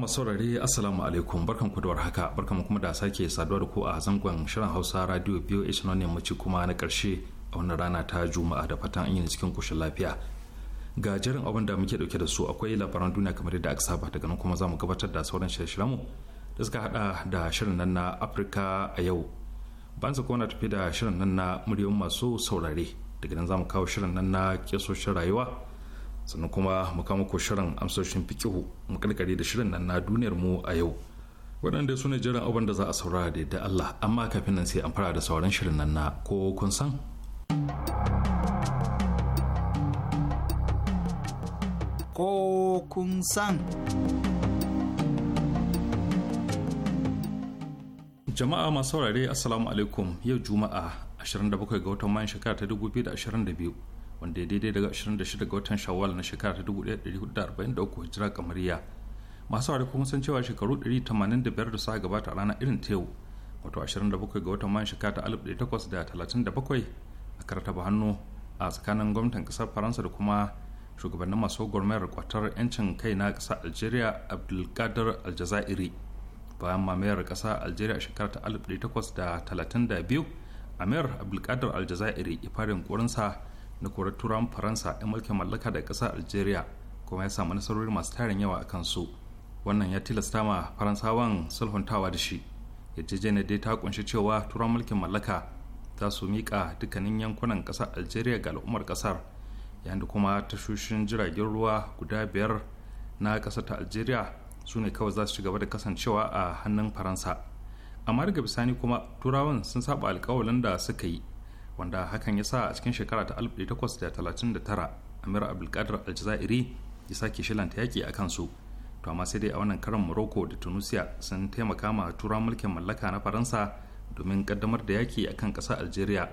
mu saurare assalamu alaikum barkan ku da warhaka barkan kuma da sake saduwa da ku a zangon shirin hausa radio biyo ishirin ne mace kuma na karshe a wannan rana ta juma'a da fatan an yi cikin kushin lafiya ga jerin abin da muke dauke da su akwai labaran duniya kamar yadda aka saba daga nan kuma za mu gabatar da sauran shirye mu da suka hada da shirin nan na afirka a yau ban sa na tafi da shirin nan na muryoyin masu saurare daga nan za mu kawo shirin nan na kesoshin rayuwa sannan kuma mu kama ko shirin amsoshin fikihu mu karkare da shirin nan na duniyar mu a yau waɗanda su ne jiran abin da za a saurara da yadda Allah amma kafin nan sai an fara da sauran shirin nan na ko kun san ko kun san jama'a masu saurare assalamu alaikum yau juma'a 27 ga watan mayan shekara ta 2022 wanda ya daidai daga 26 ga watan shawwal na shekara ta 1443 hijira kamariya masu ware kuma san cewa shekaru 185 da suka gabata a ranar irin ta yau wato 27 ga watan mayan shekara ta 1837 a ba hannu a tsakanin gwamnatin kasar faransa da kuma shugabannin masu gwamnatin kwatar 'yancin kai na kasar algeria abdulkadir aljazairi bayan mamayar ƙasa algeria a shekarar ta 1832 amir abdulkadir aljazairi ya fara yunkurinsa na korar turawan faransa ya mulkin mallaka da ƙasar algeria kuma ya samu nasarori masu tarin yawa a kansu wannan ya tilasta ma faransawan sulhuntawa da shi yarjejeniyar dai ta kunshi cewa turawan mulkin mallaka za su miƙa dukkanin yankunan ƙasar algeria ga al'ummar ƙasar yayin da kuma tashoshin jiragen ruwa guda biyar na ƙasar ta algeria su ne kawai za su ci gaba da kasancewa a hannun faransa amma daga bisani kuma turawan sun saba alkawalin da suka yi wanda hakan ya sa a cikin shekara ta 1839 amir abdulkadir aljazairi ya sake shilanta yaƙi a kansu to amma sai dai a wannan karan morocco da tunisia sun taimaka ma tura mulkin mallaka na faransa domin kaddamar da yaƙi a kan ƙasar algeria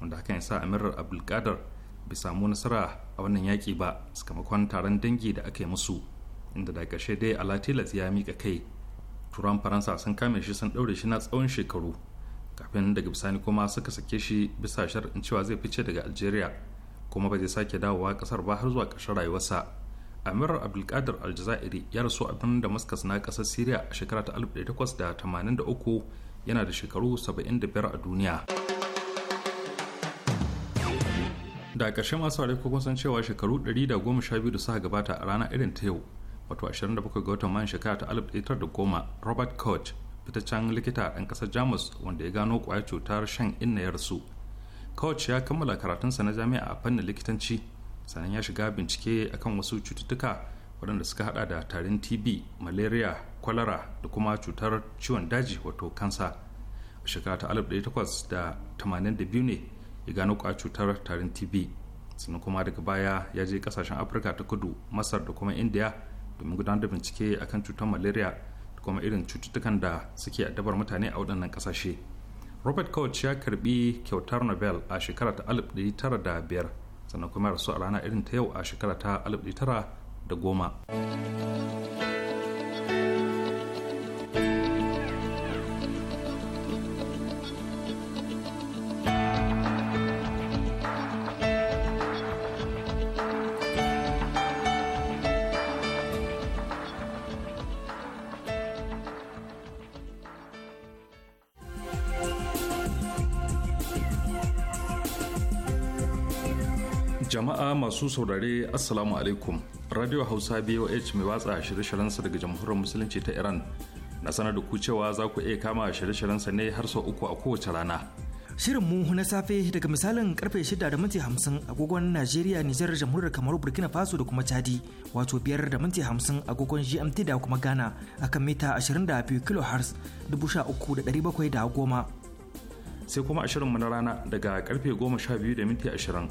wanda hakan ya sa amir abdulkadir bai samu nasara a wannan yaƙi ba sakamakon taron dangi da aka yi musu inda da ƙarshe dai alatilas ya mika kai turan faransa sun kame shi sun ɗaure shi na tsawon shekaru kafin daga bisani kuma suka sake shi bisa shar'in cewa zai fice daga algeria kuma ba zai sake dawowa kasar ba har zuwa ƙarshen rayuwarsa amir abdulkadir aljazairi ya rasu a birnin damascus na ƙasar syria a shekara ta 1883 yana da shekaru 75 a duniya da ƙarshe masu ware kun san cewa shekaru 112 da suka gabata a rana irin ta yau wato 27 ga watan mayan shekara ta 1910 robert koch fitaccen likita ɗan ƙasar jamus wanda ya gano ƙwayar cutar shan inna ya rasu ya kammala karatunsa na jami'a a fannin likitanci sannan ya shiga bincike akan wasu cututtuka waɗanda suka hada da tarin tb malaria kwalara da kuma cutar ciwon daji wato kansa a shekara ta biyu ne ya gano kwa cutar tarin tb sannan kuma daga baya ya je kasashen afirka ta kudu masar da kuma indiya domin gudanar da bincike akan cutar malaria kuma irin cututtukan da suke addabar mutane a waɗannan ƙasashe robert couch ya karbi kyautar nobel a shekara ta 1905 sannan kuma rasu a rana irin ta yau a shekara ta 1910 masu saurare assalamu alaikum radio hausa boh mai watsa shirye-shiryensa daga jamhuriyar musulunci ta iran na sanar da ku cewa za ku iya kama shirye sa ne har sau uku a kowace rana shirin mu na safe daga misalin karfe 6 da minti 50 agogon najeriya nijar jamhuriyar kamar burkina faso da kuma chadi wato biyar da minti 50 agogon gmt da kuma ghana akan mita 22 kilohertz 13710 sai kuma ashirinmu na rana daga karfe 12 da minti ashirin.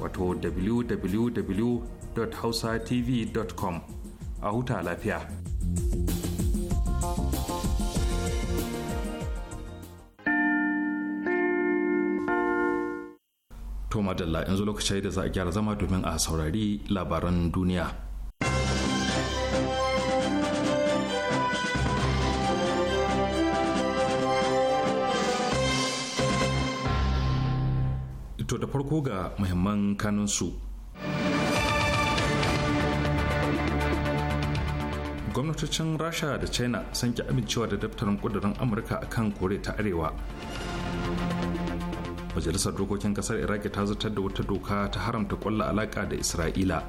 wato www.hausatv.com a huta lafiya. To madalla yanzu lokaci da za a gyara zama domin a saurari labaran duniya. To da farko ga muhimman kanunsu. Gwamnatocin Rasha da China sun ki amincewa da daftarin kudurin Amurka a kan kore ta Arewa. Majalisar Dokokin Kasar Iraki ta zartar da wata doka ta haramta kwallo alaka da Isra'ila.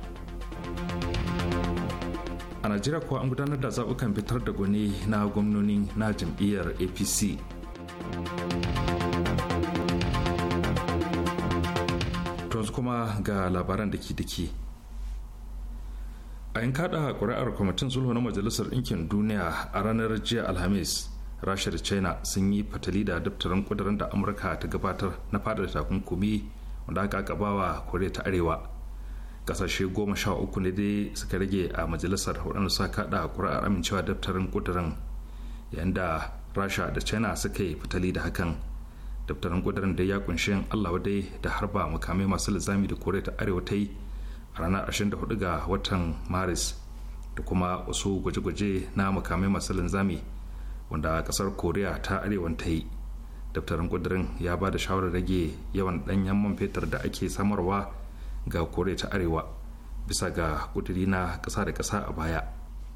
A Najeriya kuwa an gudanar da zaɓukan fitar da gwani na gwamnoni na jam'iyyar APC. kuma ga labaran da ke dake a yin kada kuri'ar kwamitin sulhu na majalisar ɗinkin duniya a ranar jiya alhamis rasha da china sun yi fatali da daftarin kudurin da amurka ta gabatar na fadar takunkumi wanda aka gabawa koriya ta arewa kasashe goma sha uku ne dai suka rage a majalisar waɗanda suka kada kuri'ar amincewa daftarin kudurin yayin da rasha da china suka yi fatali da hakan daftarin kudirin da ya kunshi allah dai da harba makamai masu linzami da kore ta arewa ta yi a ranar 24 ga watan maris da kuma wasu gwaje-gwaje na makamai masu linzami wanda kasar koriya ta arewa ta yi daftarin kudirin ya ba da shawarar rage yawan danyen man fetur da ake samarwa ga kore ta arewa bisa ga kudiri na kasa da kasa a baya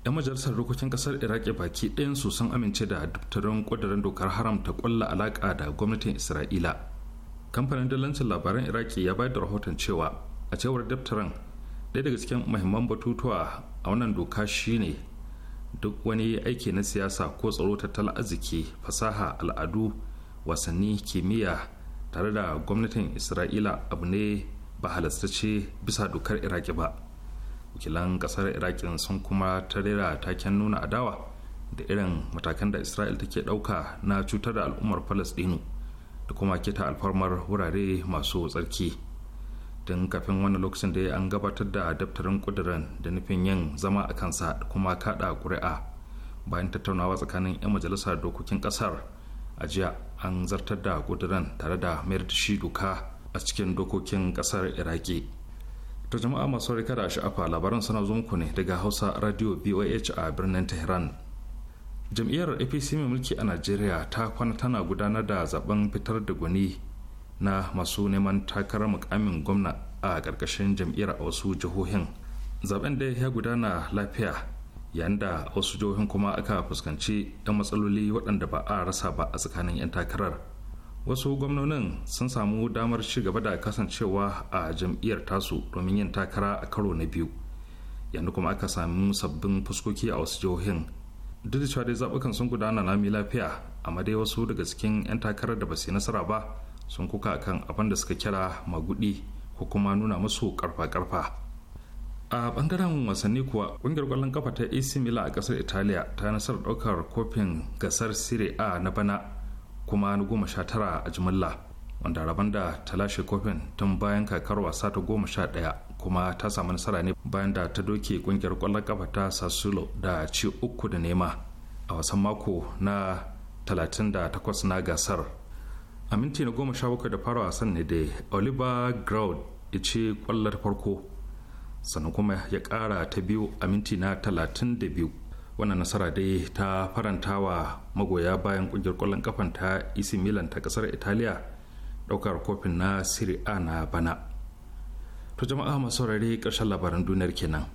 'yan majalisar dokokin kasar iraki baki ɗayan su sun amince da daftarin ƙudurin dokar haramta ƙwalla alaƙa da gwamnatin isra'ila kamfanin dalancin labaran iraki ya bayar da rahoton cewa a cewar daftarin ɗaya daga cikin mahimman batutuwa a wannan doka shine duk wani aiki na siyasa ko tsaro tattalin arziki fasaha al'adu wasanni kimiyya tare da gwamnatin isra'ila abu ne ba halastace bisa dokar iraki ba wakilan kasar irakin sun kuma tarera taken nuna adawa da irin matakan da isra'il take ɗauka na cutar da al'ummar falastinu da kuma kita alfarmar wurare masu tsarki tun kafin wani lokacin da an gabatar da daftarin kudirin da nufin yin zama a kansa da kuma kada ƙuri'a bayan tattaunawa tsakanin 'yan majalisar dokokin kasar a jiya an zartar da ƙudiran tare da mayar da shi doka a cikin dokokin kasar iraki to jama'a masu rikada sha'afa labaran suna zo muku ne daga hausa radio voh a birnin tehran jam'iyyar apc mai mulki a najeriya ta kwana tana gudanar da zaben fitar da guni na masu neman takarar mukamin gwamna a ƙarƙashin jam'iyyar a wasu jihohin zaben da ya gudana lafiya yayin da wasu jihohin kuma aka fuskanci 'yan matsaloli waɗanda ba a rasa ba a tsakanin 'yan takarar wasu gwamnonin sun samu damar ci gaba da kasancewa a jam'iyyar tasu domin yin takara a karo na biyu yanzu kuma aka sami sabbin fuskoki a wasu jihohin duk da cewa dai zaɓukan sun gudana lami lafiya amma dai wasu daga cikin 'yan takarar da ba su yi nasara ba sun kuka kan abin da suka kira magudi ko kuma nuna musu karfa-karfa a bangaren wasanni kuwa ƙungiyar kwallon kafa ta ac milan a ƙasar italiya ta nasarar ɗaukar kofin gasar serie a na bana kuma na goma sha tara a jimilla wanda rabon da ta lashe kofin tun bayan kakar wasa ta goma sha ɗaya kuma ta samu nasara ne bayan da ta doke kungiyar kwallon kafa ta sassulo da ci uku da nema a wasan mako na 38 na gasar a minti na goma sha bakwai da fara wasan ne da oliver groud ya ce kwallar farko sannan kuma ya kara ta biyu a minti na biyu. wannan nasara dai ta faranta wa magoya bayan kungiyar kwallon kafan ta AC e Milan ta kasar Italiya daukar kofin na Serie A na bana to jama'a masu saurare karshen labaran duniyar kenan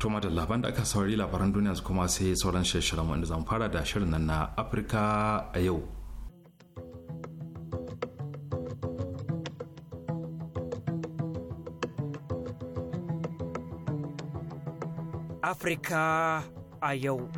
To da labaran da aka saurari labaran duniya kuma sai sauran shirin wanda zan fara da shirin nan na Afirka a yau. Afirka a yau.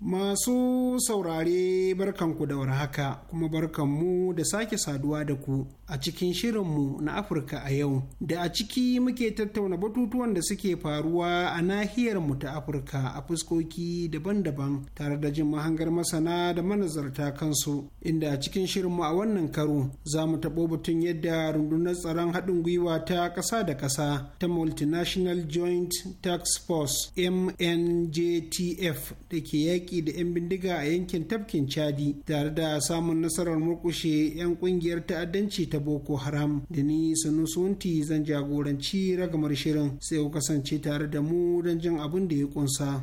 Masu saurare barkanku da haka, kuma barkanmu da sake saduwa da ku a cikin shirinmu na Afirka a yau da a ciki muke tattauna batutuwan da suke faruwa a nahiyarmu ta Afirka a fuskoki daban-daban tare da jin mahangar masana da manazarta kansu inda a cikin shirinmu a wannan karo za mu taɓo batun yadda rundunar tsaron haɗin gwiwa ta ƙasa da ƙasa ta multinational joint tax force mnjtf da ke yaƙi da 'yan bindiga a yankin tafkin chadi tare da samun nasarar murƙushe 'yan ƙungiyar ta'addanci ta ta boko haram da ni sanusunti zan jagoranci ragamar shirin sai ku kasance tare da mu don jin abin da ya kunsa.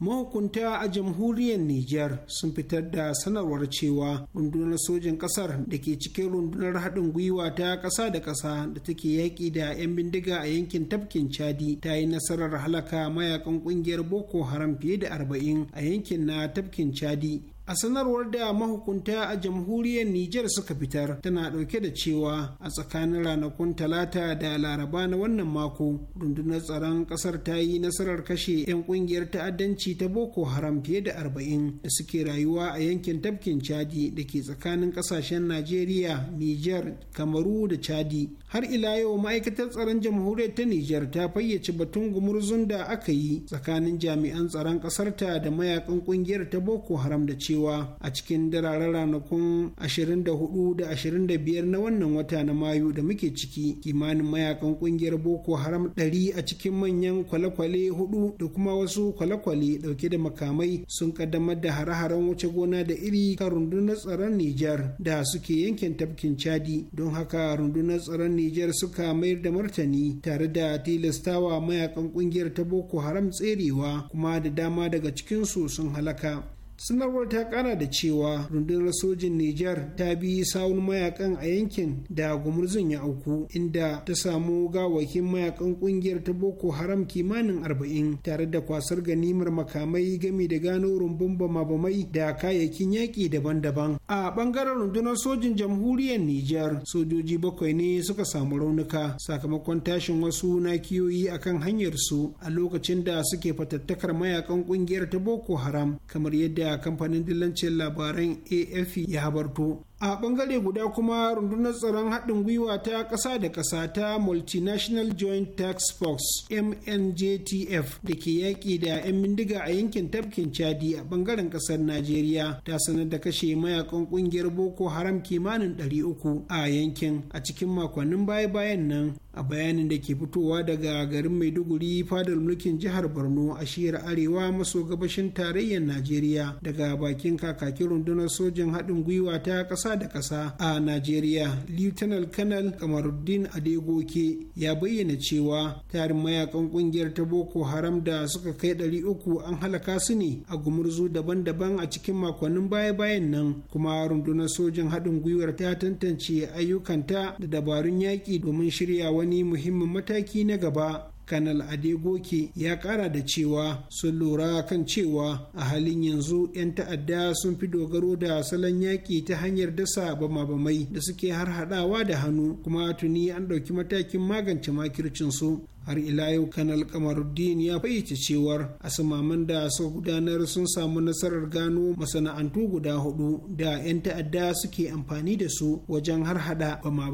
mahukunta a jamhuriyar Nijar sun fitar da sanarwar cewa rundunar sojin kasar da ke cikin rundunar haɗin gwiwa ta ƙasa da ƙasa da take yaƙi da 'yan bindiga a yankin tafkin Chadi ta yi nasarar halaka mayakan ƙungiyar Boko Haram fiye da arba'in a yankin na tafkin Chadi a sanarwar da mahukunta a jamhuriyar Nijar suka fitar tana ɗauke da cewa a tsakanin ranakun talata da laraba na wannan mako rundunar tsaron ƙasar ta yi nasarar kashe 'yan ƙungiyar ta'addanci ta boko haram fiye da arba'in da suke rayuwa a yankin tafkin chadi da ke tsakanin ƙasashen najeriya nijar kamaru da chadi har ila yau ma'aikatar tsaron jamhuriyar ta nijar ta fayyace batun gumurzun da aka yi tsakanin jami'an tsaron ta da mayakan ƙungiyar ta boko haram da cewa cewa a cikin dararen ranakun 24 da 25 na wannan wata na mayu da muke ciki kimanin mayakan kungiyar boko haram 100 a cikin manyan kwale-kwale hudu da kuma wasu kwale-kwale dauke da makamai sun kaddamar da hare-haren wuce gona da iri kan rundunar tsaron Nijar da suke yankin tafkin Chadi don haka rundunar tsaron Nijar suka mayar da martani tare da tilastawa mayakan kungiyar ta Boko Haram tserewa kuma da dama daga cikin su sun halaka. sanarwar ta kara da cewa rundunar sojin Nijar ta bi sawun mayakan a yankin da gumurzun ya auku inda ta samu gawakin mayakan kungiyar ta Boko Haram kimanin arba'in tare da kwasar ganimar makamai gami da gano rumbun bama-bamai da kayayyakin yaƙi daban-daban. A ɓangaren rundunar sojin jamhuriyar Nijar sojoji bakwai ne suka samu raunuka sakamakon tashin wasu nakiyoyi akan hanyar su a lokacin da suke fatattakar mayakan kungiyar ta Boko Haram kamar yadda a kamfanin dillancin labaran afp e ya habarto a bangare guda kuma rundunar tsaron haɗin gwiwa ta ƙasa da ƙasa ta multinational joint tax force mnjtf da ke yaƙi da 'yan bindiga a yankin tafkin chadi a bangaren ƙasar najeriya ta sanar da kashe mayakan ƙungiyar boko haram kimanin 300 a yankin a cikin makonnin baya-bayan nan a bayanin da ke fitowa daga garin maiduguri fadar mulkin jihar borno a shiyar arewa maso gabashin tarayyar najeriya daga bakin kakakin rundunar sojin haɗin gwiwa ta ƙasa kasa da ƙasa a Najeriya, Lieutenant Colonel Kamaruddin Adegoke ya bayyana cewa tarin mayakan ƙungiyar ta Boko Haram da suka kai ɗari uku an halaka su ne a gumurzu daban-daban a cikin makonnin baya-bayan nan kuma rundunar sojin haɗin gwiwar ta tantance ayyukanta da dabarun yaƙi domin shirya wani muhimmin mataki na gaba kanal adegoke ya kara da cewa sun lura kan cewa a halin yanzu 'yan ta'adda sun fi dogaro da salon yaƙi ta hanyar dasa bama-bamai da suke har hadawa da hannu kuma tuni an ɗauki matakin magance makircin su har ila yau kanal kamaruddin ya fayyace cewar asamaman da su gudanar sun samu nasarar gano masana'antu guda hudu da 'yan ta'adda suke amfani da su wajen har hada bama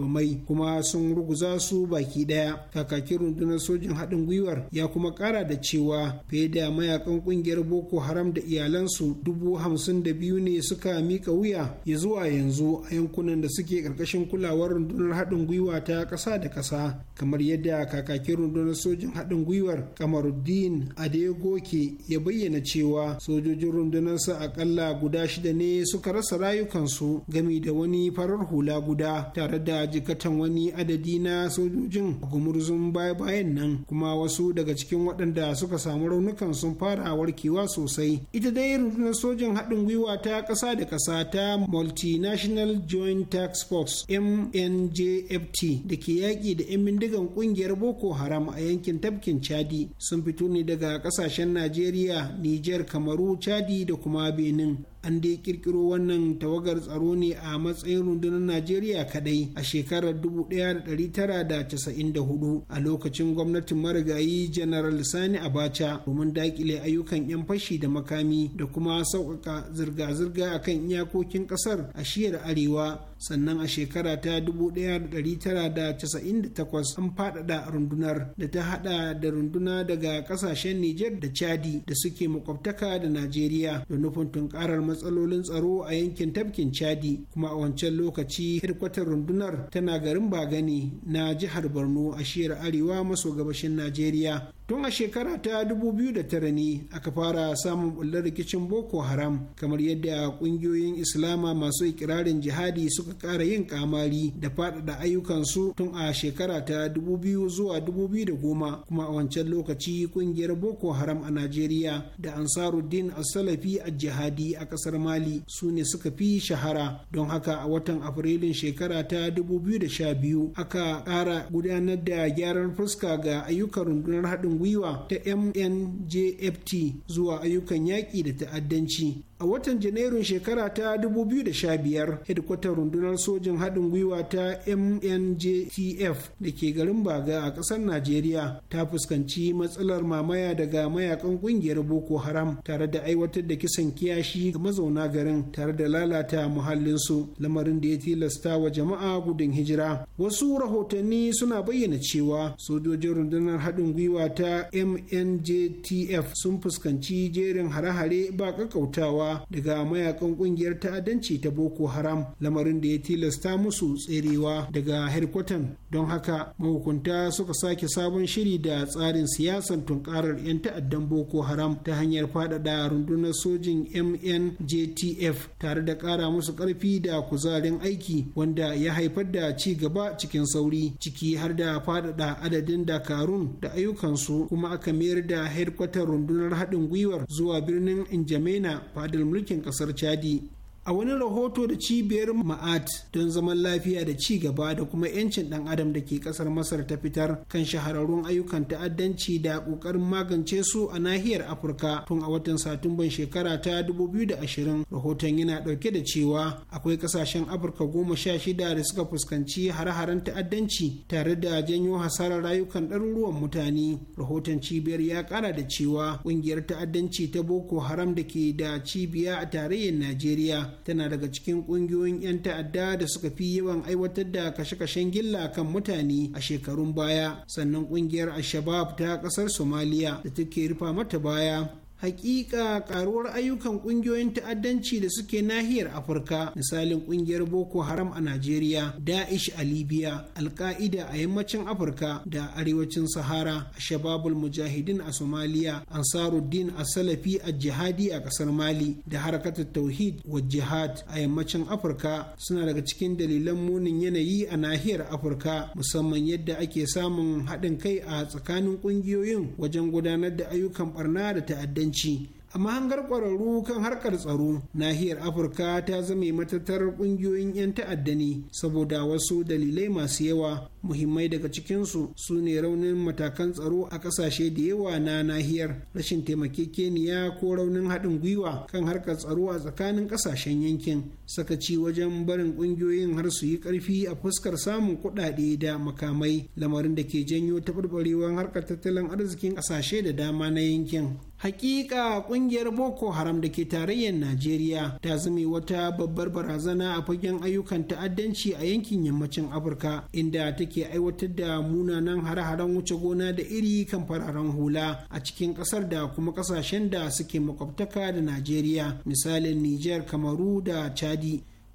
kuma sun ruguza su baki daya kakakin rundunar sojin haɗin gwiwar ya kuma ƙara da cewa fiye da mayakan ƙungiyar boko haram da iyalansu dubu hamsin da biyu ne suka mika wuya ya zuwa yanzu a yankunan da suke ƙarƙashin kulawar rundunar haɗin gwiwa ta ƙasa da ƙasa kamar yadda kakakin rundunar rundunar sojin haɗin gwiwar kamaruddin adegoke ya bayyana cewa sojojin rundunarsa akalla guda shida ne suka rasa rayukansu gami da wani farar hula guda tare da jikatan wani adadi na sojojin gumurzun baya-bayan nan kuma wasu daga cikin waɗanda suka samu raunukan sun fara warkewa sosai ita dai rundunar sojin haɗin gwiwa ta ƙasa da ƙasa ta multinational joint tax force mnjft da ke yaƙi da 'yan bindigan ƙungiyar boko haram a yankin tafkin chadi sun fito ne daga kasashen najeriya niger kamaru chadi da kuma benin an dai kirkiro wannan tawagar tsaro ne a matsayin rundunar najeriya kadai a shekarar 1994 a lokacin gwamnatin marigayi general sani abacha domin dakile ayyukan 'yan fashi da makami da kuma sauƙaƙa zirga-zirga a kan iyakokin ƙasar a shiyar arewa sannan a shekara ta 1998 an faɗaɗa rundunar da ta haɗa da runduna daga ƙasashen niger da chadi da suke makwabtaka da najeriya da nufin tunkarar matsalolin tsaro a yankin tafkin chadi kuma a wancan lokaci hirkwatar rundunar tana garin bagani na jihar borno a shiyar arewa maso gabashin najeriya tun a shekara ta 2009 ne aka fara samun bullar rikicin boko haram kamar yadda kungiyoyin islama masu ikirarin jihadi suka kara yin kamari da faɗaɗa ayyukansu tun a shekara ta 2000 zuwa 2010 kuma a wancan lokaci kungiyar boko haram a najeriya da a salafi a jihadi a kasar mali su ne suka fi shahara don haka a watan afrilun shekara ta 2012 aka kara gudanar da gyaran fuska ga ayyukan rundunar haɗin gwiwa ta mnjft zuwa ayyukan yaƙi da ta'addanci a watan janairun shekara ta 2015 hedkwatar rundunar sojin haɗin gwiwa ta mnjtf da ke garin baga a ƙasar najeriya ta fuskanci matsalar mamaya daga mayakan ƙungiyar boko haram tare da aiwatar da kisan kiyashi ga mazauna garin tare da lalata muhallinsu lamarin da ya tilasta wa jama'a gudun hijira wasu rahotanni suna bayyana cewa sojojin rundunar haɗin gwiwa ta mnjtf sun fuskanci jerin hare-hare ba ƙaƙƙautawa tserewa daga mayakan kungiyar ta'addanci ta boko haram lamarin da ya tilasta musu tserewa daga herkwatan don haka mahukunta suka sake sabon shiri da tsarin siyasan tunkarar 'yan ta'addan boko haram ta hanyar faɗaɗa rundunar sojin mnjtf tare da ƙara musu ƙarfi da kuzarin aiki wanda ya haifar da ci gaba cikin sauri ciki har da faɗaɗa adadin dakarun da ayyukansu kuma aka mayar da herkwatar rundunar haɗin gwiwar zuwa birnin injamena fadar mulkin kasar chadi a wani rahoto da cibiyar ma'at don zaman lafiya da ci gaba da kuma 'yancin dan adam da ke kasar masar ta fitar kan shahararrun ayyukan ta'addanci da kokarin magance su a nahiyar afirka tun a watan satumban shekara ta 2020 rahoton yana dauke da cewa akwai kasashen afirka goma sha shida da suka fuskanci hare-haren ta'addanci tare da janyo hasarar rayukan ɗaruruwan mutane rahoton cibiyar ya kara da cewa ƙungiyar ta'addanci ta boko haram da ke da cibiya a tarayyar najeriya tana daga cikin ƙungiyoyin 'yan ta'adda da suka fi yawan aiwatar da kashe-kashen gilla kan mutane a shekarun baya sannan ƙungiyar al ta ƙasar somaliya da take rufa mata baya hakika karuwar ayyukan kungiyoyin ta'addanci da suke nahiyar afirka misalin kungiyar boko haram a najeriya da'ish a libya alka'ida a yammacin afirka da arewacin sahara shababul mujahidin a somaliya ansaruddin a salafi a jihadi a kasar mali da harkatar tauhid wa jihad a yammacin afirka suna daga cikin dalilan munin yanayi a nahiyar afirka musamman yadda ake samun haɗin kai a tsakanin kungiyoyin wajen gudanar da ayyukan barna da ta'addanci kasuwanci a mahangar kwararru kan harkar tsaro nahiyar afirka ta zame matattar ƙungiyoyin 'yan ta'adda ne saboda wasu dalilai masu yawa muhimmai daga cikinsu su ne raunin matakan tsaro a kasashe da yawa na nahiyar rashin taimakekeniya ko raunin haɗin gwiwa kan harkar tsaro a tsakanin ƙasashen yankin sakaci wajen barin ƙungiyoyin har su yi ƙarfi a fuskar samun kuɗaɗe da makamai lamarin da ke janyo taɓarɓarewar harkar tattalin arzikin ƙasashe da dama na yankin hakika kungiyar boko haram da ke tarayyar najeriya ta zame wata babbar barazana a fagen ayyukan ta'addanci a yankin yammacin afirka inda take aiwatar da munanan hare-haren wuce gona da iri kan fararen hula a cikin kasar da kuma kasashen da suke makwabtaka da najeriya misalin niger kamaru da chadi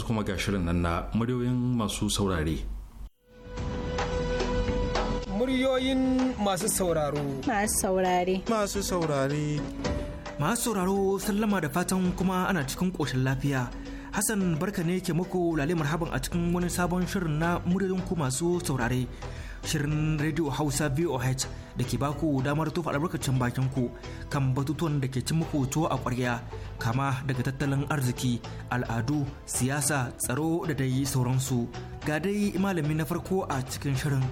yanzu kuma ga shirin nan na muryoyin masu saurare. Muryoyin masu sauraro. Masu saurare. Masu saurare. Masu sauraro sallama da fatan kuma ana cikin ƙoshin lafiya. Hassan barka ne ke muku lalimar marhaban a cikin wani sabon shirin na muryoyin ku masu saurare. shirin rediyo hausa voh da ke baku damar tufa albarkacin bakin ku kan batutuwan da ke cin muku tuwo a kwarya kama daga tattalin arziki al'adu siyasa tsaro da dai sauransu ga dai malami na farko a cikin shirin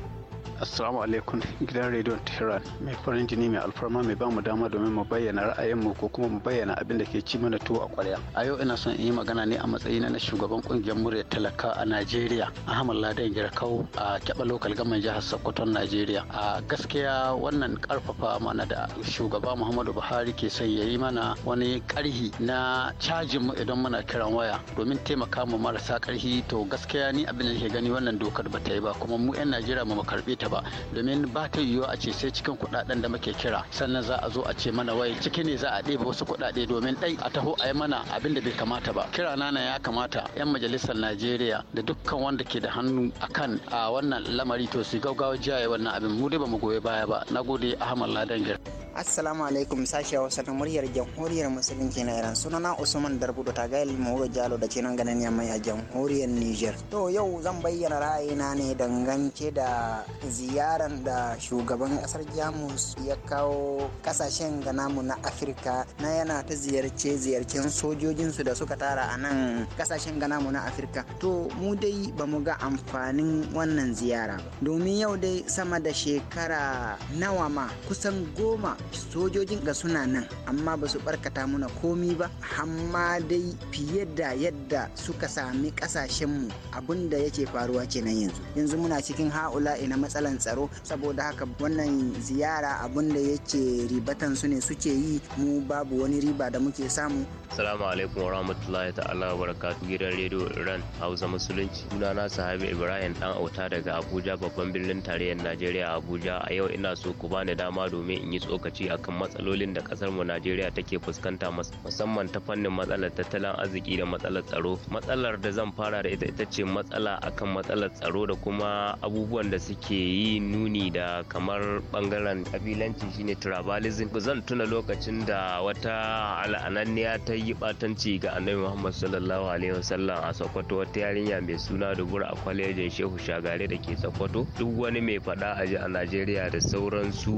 Assalamu alaikum gidan rediyon Tehran mai farin jini mai alfarma mai bamu dama domin mu bayyana ra'ayin mu ko kuma mu bayyana abin da ke ci mana tuwo a kwarya. A yau ina son in yi magana ne a matsayin na shugaban kungiyar murya talaka a Najeriya Ahmad Ladan Girkau a Kyaba Local gaman jihar Sokoto Najeriya. A gaskiya wannan karfafa mana da shugaba Muhammadu Buhari ke son ya yi mana wani karhi na cajin mu idan muna kiran waya domin taimaka mu marasa karhi to gaskiya ni abin da ke gani wannan dokar ba ta yi ba kuma mu 'yan Najeriya mu karbe ta ba domin ba ta yiwuwa a ce sai cikin kuɗaɗen da muke kira sannan za a zo a ce mana wai ciki ne za a ɗebe wasu kuɗaɗe domin ɗai a taho a yi mana abin da bai kamata ba kira nana ya kamata 'yan majalisar najeriya da dukkan wanda ke da hannu a kan a wannan lamari to su gaggawa jiya wannan abin mu dai ba mu goyi baya ba na gode ahmad ladan assalamu alaikum sashi hausa na muryar jamhuriyar musulunci na iran na usman darbudu tagayil mawuga jalo da ke nan ganin yamai a jamhuriyar Nijar. to yau zan bayyana ra'ayina ne dangance da ziyarar da shugaban kasar jamus ya kawo kasashen gana mu na afirka na yana ta ziyarce ziyarcen sojojinsu da suka tara a nan kasashen gana mu na afirka to mu dai ba mu ga amfanin wannan ziyara domin yau dai sama da shekara nawa ma kusan goma sojojin ga suna nan amma ba su barkata muna komi ba amma dai fiye da yadda suka sami kasashenmu abin da yake faruwa kenan yanzu yanzu muna cikin ha'ula'i na matsalan tsaro saboda haka wannan ziyara abin da yake ribatan su ne suke yi mu babu wani riba da muke samu Assalamu alaikum wa rahmatullahi ta'ala wa barakatuh gidan rediyo Iran Hausa Musulunci. na Sahabi Ibrahim dan auta daga Abuja babban birnin tarayyar Najeriya Abuja. A yau ina so ku bani dama domin in yi tsokaci akan matsalolin da kasar mu Najeriya take fuskanta musamman ta fannin matsalar tattalin arziki da matsalar tsaro. Matsalar da zan fara da ita ita ce matsala akan matsalar tsaro da kuma abubuwan da suke yi nuni da kamar bangaren kabilanci shine tribalism. Zan tuna lokacin da wata al'ananniya ta yi batanci ga annabi muhammad sallallahu alaihi wasallam a sokoto wata yarinya mai suna dubura a kwalejin shehu shagare da ke sokoto duk wani mai fada a ji a najeriya da sauransu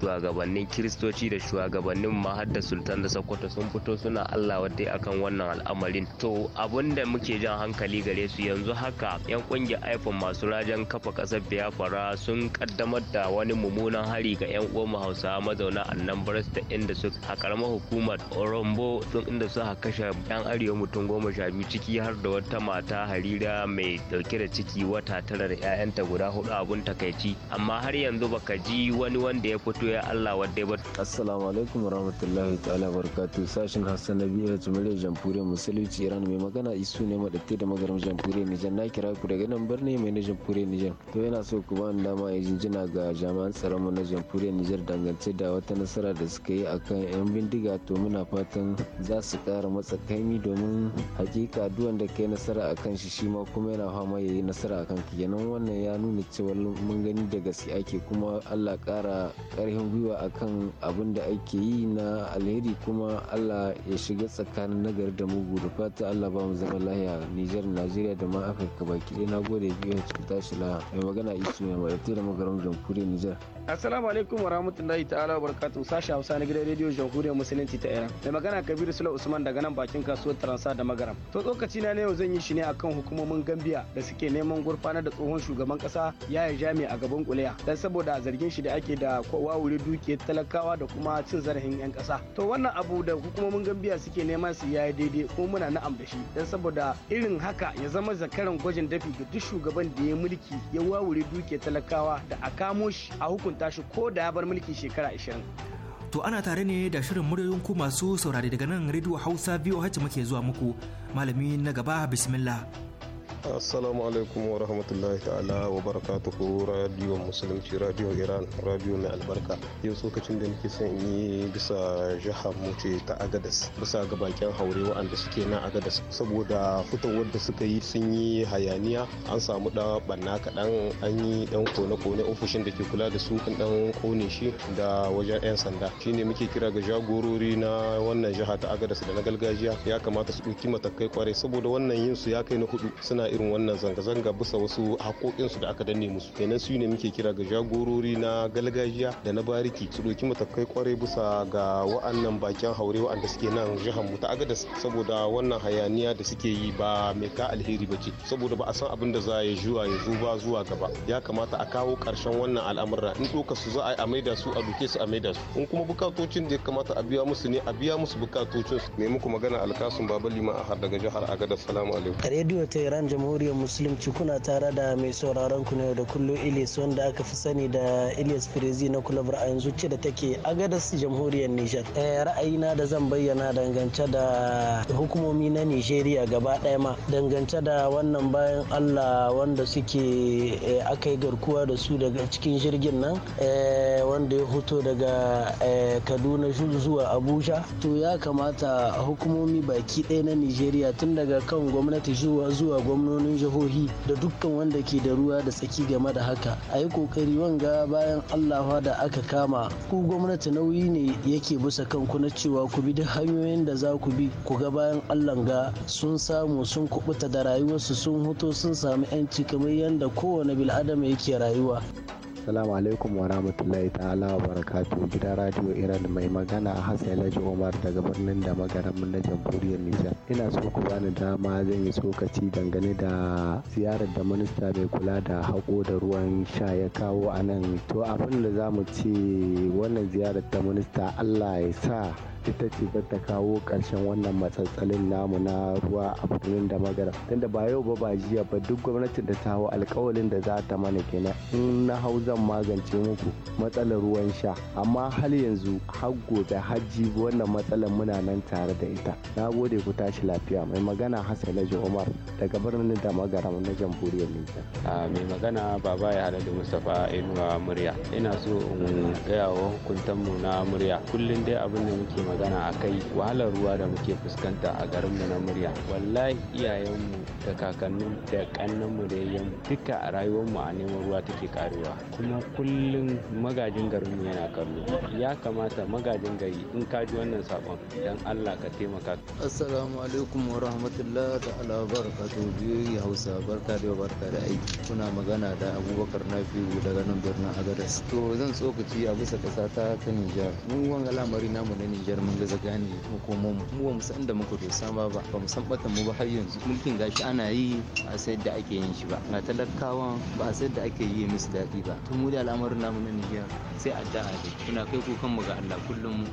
shugabannin kiristoci da shugabannin mahad da sultan da sokoto sun fito suna allah wadai akan wannan al'amarin to abun da muke jan hankali gare su yanzu haka yan kungiyar iphone masu rajan kafa kasar biafra sun kaddamar da wani mummunan hari ga yan uwan hausawa mazauna annan baras da inda su a karamar hukumar orombo inda wanda suka kashe yan arewa mutum goma sha biyu ciki har da wata mata harira mai dauke da ciki wata tara da 'ya'yanta guda hudu abun takaici amma har yanzu baka ji wani wanda ya fito ya Allah wadda ba. Assalamu alaikum warahmatullahi ta'ala barkatu sashin Hassan na biyar jamhuriyar jamhuriyar musulunci Iran mai magana isu ne madatte da magaram jamhuriyar Nijar na kira ku daga nan birni mai na jamhuriyar Nijar. To yana so ku bani dama ya jinjina ga jami'an tsaron mu na jamhuriyar Nijar dangance da wata nasara da suka yi akan yan bindiga to muna fatan za su su ƙara matsa kaimi domin hakika duwan da kai nasara a kan shi shi ma kuma yana fama ya yi nasara a kan kenan wannan ya nuna cewa mun gani da gaske ake kuma allah ƙara ƙarfin gwiwa a kan abin da ake yi na alheri kuma allah ya shiga tsakanin nagari da mugu da fata allah ba mu zama lahiya nijar najeriya da ma afirka baki ɗaya na gode biyu cikin tashi lahiya mai magana isu mai maɗa da magaran jamhuriyar nijar assalamu alaikum wa rahmatullahi ta'ala wa barakatuhu sashi hausa na gidan rediyo jamhuriyar musulunci ta iran mai magana kabiru sula usman daga nan bakin kasuwar taransa da magaram to tsokaci na yau zan yi shi ne akan hukumomin gambia da suke neman gurfana da tsohon shugaban kasa yaya jami'a a gaban kuliya dan saboda zargin shi da ake da wuri duke talakawa da kuma cin zarafin yan kasa to wannan abu da hukumomin gambia suke neman su yayi daidai ko muna na ambashi. shi dan saboda irin haka ya zama zakaran gwajin dafi ga duk shugaban da ya mulki ya wawure duke talakawa da a kamo shi a hukunta shi ko da ya bar mulki shekara 20 To ana tare ne da shirin muryoyin ku masu saurari daga nan Radio Hausa VOH muke zuwa muku. Malami na gaba bismillah. assalamu alaikum wa rahmatullahi ta'ala wa barakatuhu radio musulunci radio iran radio mai albarka yau tsokacin da nake son yi bisa jiha muce ta agadas bisa ga bakin haure waɗanda suke na agadas saboda fitowar da suka yi sun yi hayaniya an samu da banna kaɗan an yi dan kone-kone ofishin da ke kula da su ɗan kone shi da wajen 'yan sanda shine muke kira ga jagorori na wannan jiha ta agadas da na gargajiya ya kamata su ɗauki matakai kwarai saboda wannan yin su ya kai na hudu suna irin wannan zanga-zanga bisa wasu haƙoƙinsu da aka danne musu kenan su ne muke kira ga jagorori na galgajiya da na bariki su ɗauki matakai kwarai bisa ga wa'annan bakin haure wa'anda suke nan jihar mu ta agadas saboda wannan hayaniya da suke yi ba mai ka alheri ba ce saboda ba a san abin da za ya zuwa ya ba zuwa gaba ya kamata a kawo ƙarshen wannan al'amura in ɗaukar su za a yi a maida su a duke su a maida su in kuma bukatocin da ya kamata a biya musu ne a biya musu bukatocin su ne muku magana alkasun babali ma a har daga jihar agadas salamu alaikum rediyo ta iran jamhuriyar musulunci kuna tare da mai sauraron ku ne da kullum ilis wanda aka fi sani da ilis firizi na kulabar a yanzu ce da take agadas jamhuriyar nijar eh, ra'ayina da zan bayyana dangance da hukumomi na nigeria gaba ɗaya ma dangance da wannan bayan allah wanda suke eh, aka yi garkuwa da su daga cikin jirgin nan eh, wanda ya hoto daga kaduna zuwa abuja to ya kamata hukumomi baki ɗaya na nigeria tun daga kan gwamnati zuwa zuwa gwamnati gwamnonin jihohi da dukkan wanda ke da ruwa da tsaki game da haka a yi kokari wanga bayan allah da aka kama ku gwamnati nauyi ne yake bisa kanku na cewa ku bi duk hanyoyin da za ku bi ku ga bayan allah ga sun samu sun kubuta da rayuwarsu sun hoto sun sami yanci kamar yadda kowane bil'adama yake rayuwa Assalamu alaikum wa rahmatullahi ta'ala wa barakatu gida radio Iran mai magana a Hassan Alhaji Umar daga birnin da magaramin na jamhuriyar Nijar. Ina so ku bani dama zan yi tsokaci dangane da ziyarar da minista mai kula da haƙo da ruwan sha ya kawo a nan. To abin da za mu ce wannan ziyarar ta minista Allah ya sa ita ce za ta kawo ƙarshen wannan matsatsalin namu na ruwa a birnin da magara tunda ba yau ba ba jiya ba duk gwamnatin da ta hau alkawalin da za ta mana kenan in na hau zan magance muku matsalar ruwan sha amma har yanzu har gobe har jibi wannan matsalar muna nan tare da ita na gode ku tashi lafiya mai magana hassan laji umar daga birnin da magara na jamhuriyar nijar a mai magana baba ya haladu mustapha inuwa murya ina so in gaya wa hukuntanmu na murya kullum dai abin da muke magana a kai wahalar ruwa da muke fuskanta a garinmu na murya wallahi iyayenmu da kakannin da kannanmu da yayyanmu duka a rayuwarmu a neman ruwa take karewa kuma kullum magajin garinmu yana kallo ya kamata magajin gari in ka ji wannan sabon, dan Allah ka taimaka assalamu alaikum wa rahmatullah da ala barakatu biyu hausa barka da barka da aiki kuna magana da abubakar nafiu daga nan birnin agadas to zan tsokaci a bisa kasa ta ta nijar mun wanga lamari namu na nijar mun gaza gane hukumomu mu ba mu san da muka dosa ba ba ba mu san batan mu ba har yanzu mulkin gashi ana yi ba sai da ake yin shi ba na talakawa ba sai da ake yi musu daɗi ba tun mu da al'amarin namu na Nijar sai addu'a dai muna kai kukan mu ga Allah kullum mu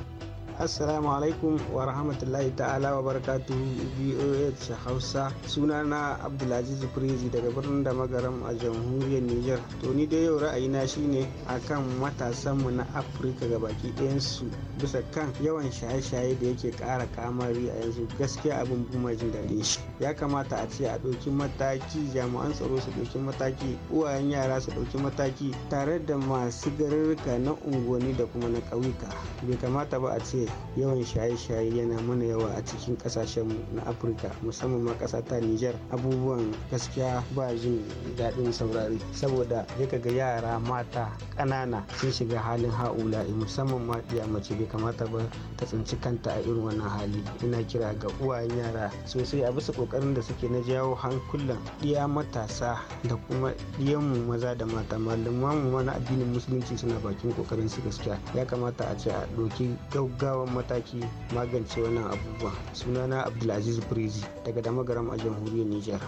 assalamu alaikum wa rahmatullahi ta'ala wa barakatu voh hausa sunana abdulaziz prezi daga birnin da magaram a jamhuriyar Nijar. to ni dai yau ra'ayina shine akan matasanmu na afirka ga baki ɗayansu bisa kan yawan shaye-shaye da yake ƙara kamari a yanzu gaskiya abin buma jin shi ya kamata a ce a ɗauki mataki jami'an tsaro su ɗauki mataki uwayen yara su ɗauki mataki tare da masu garurruka na unguwanni da kuma na ƙauyuka bai kamata ba a ce ne yawan shaye-shaye yana mana yawa a cikin kasashen na afirka musamman ma kasa ta nijar abubuwan gaskiya ba jin daɗin saurari saboda ya ga yara mata ƙanana sun shiga halin ha'ula'i musamman ma iya mace bai kamata ba ta tsinci kanta a irin wannan hali ina kira ga uwayen yara sosai a bisa kokarin da suke na jawo hankulan iya matasa da kuma ɗiyanmu maza da mata malamanmu mana na addinin musulunci suna bakin kokarin su gaskiya ya kamata a ce a ɗauki gaggawa gaggawan mataki magance wannan abubuwa sunana abdulaziz brizi daga damagaram a jamhuriyar nijar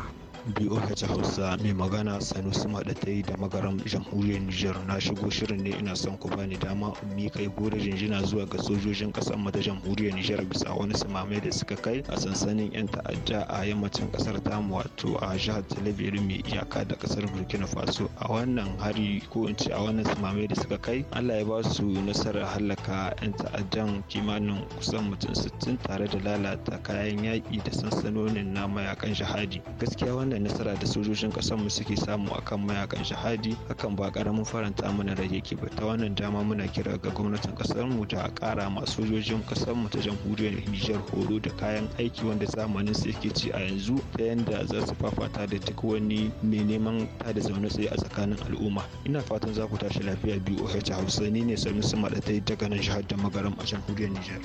BOH Hausa mai magana Sanusi Madatai da magaram jamhuriyar Nijar na shigo shirin ne ina son ku bani dama in mika gore jinjina zuwa ga sojojin kasar mu ta jamhuriyar Nijar bisa wani samamai da suka kai a sansanin yan ta'adda a yammacin kasar tamu wato a jihar Talabiyar mai iyaka da kasar Burkina Faso a wannan hari ko in ce a wannan samamai da suka kai Allah ya ba su nasarar hallaka yan ta'addan kimanin kusan mutum 60 tare da lalata kayan yaƙi da sansanonin na mayakan jihadi gaskiya wannan wannan nasara da sojojin ƙasar mu suke samu akan mayakan shahadi hakan ba ƙaramin faranta mana rage yake ba ta wannan dama muna kira ga gwamnatin kasar mu ta ƙara ma sojojin kasar mu ta jamhuriyar Nijar horo da kayan aiki wanda zamanin su yake ci a yanzu ta yanda za su fafata da duk wani mai neman ta da zaune tsaye a tsakanin al'umma ina fatan za ku tashi lafiya biyu ohh hausa ni ne sami su maɗatai daga nan shahar da magaram a jamhuriyar Nijar.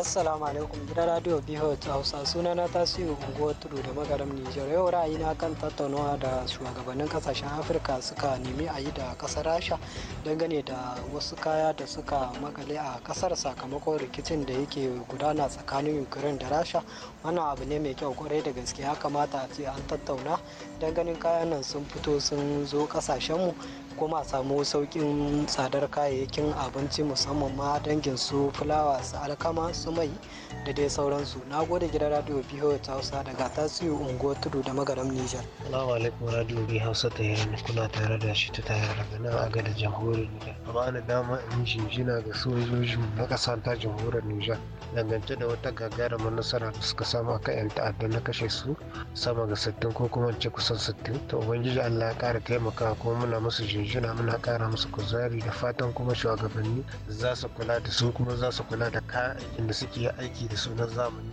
assalamu alaikum gidan radio bihot hausa suna na tasiri unguwar tudu da magaram nijar yau ra'ayi na kan tattaunawa da shugabannin kasashen afirka suka nemi a yi da kasar rasha dangane da wasu kaya da suka makale a kasar sakamakon rikicin da yake gudana tsakanin ukraine da rasha wannan abu ne mai kyau kwarai da gaske ya kamata a ce an tattauna danganin kayan nan sun fito sun zo mu. kuma a samu sauƙin tsadar kayayyakin abinci musamman ma dangin su fulawa su alkama su mai da dai sauransu na gode gidan radio biyu ta hausa daga tasiri ungo tudu da magaram nijar salamu alaikum radio biyu hausa ta yi kuna tare da shi ta tare daga nan a gada jamhuriyar nijar a bani dama in jinjina ga sojojin na ƙasa ta jamhuriyar nijar dangance da wata gagarumar nasara da suka samu akan 'yan ta'adda na kashe su sama ga sittin ko kuma ce kusan sittin to ubangiji allah ya ƙara taimaka kuma muna musu jinjina muna kara musu kuzari da fatan kuma shugabanni za su kula da su kuma za su kula da kayan da suke aiki da su na zamani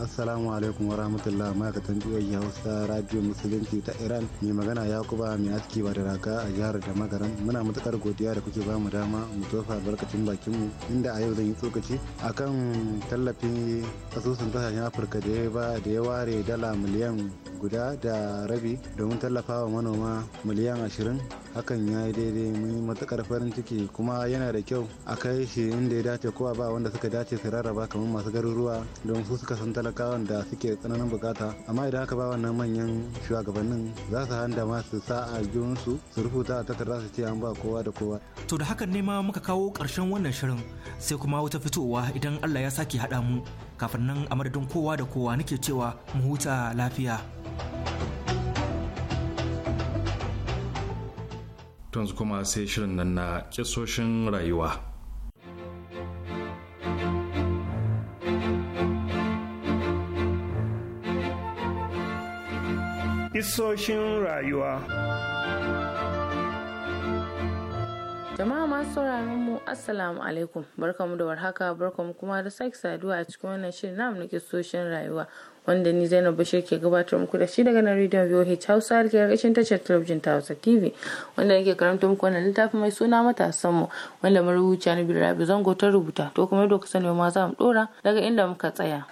assalamu alaikum wa rahmatullah ma'aikatan biyoyi hausa radio musulunci ta iran mai magana yakuba mai aski ba da raka a jihar da magaran muna matukar godiya da kuke bamu dama mu tofa barkacin bakin mu inda a yau zan yi tsokaci akan tallafin asusun kasashen afirka da ya ba da ya ware dala miliyan guda da rabi domin tallafawa manoma miliyan ashirin hakan ya yi daidai mun yi matukar farin ciki kuma yana da kyau a kai shi inda ya dace kowa ba wanda suka dace su rarraba kamar masu garuruwa don su suka san wasu talakawan da suke tsananin bukata amma idan aka ba wannan manyan shugabannin za su handa ma su sa a su su rubuta a takarda su ce an ba kowa da kowa. to da hakan ne ma muka kawo ƙarshen wannan shirin sai kuma wata fitowa idan allah ya sake hada mu kafin nan a madadin kowa da kowa nake cewa mu huta lafiya. yanzu kuma sai shirin nan na kisoshin rayuwa. Isoshin rayuwa. Jama'a masu sauraron mu Assalamu alaikum barkamu da warhaka barkamu kuma da sake saduwa a cikin wannan shirin namu na kisoshin rayuwa wanda ni Zainab Bashir ke gabatar muku da shi daga nan rediyon VOH Hausa da ke rikicin tashar talabijin ta Hausa TV wanda nake karanta muku wannan littafi mai suna matasan mu wanda marubuciya na Rabi Zango ta rubuta to kuma yadda ku sani ma za mu dora daga inda muka tsaya.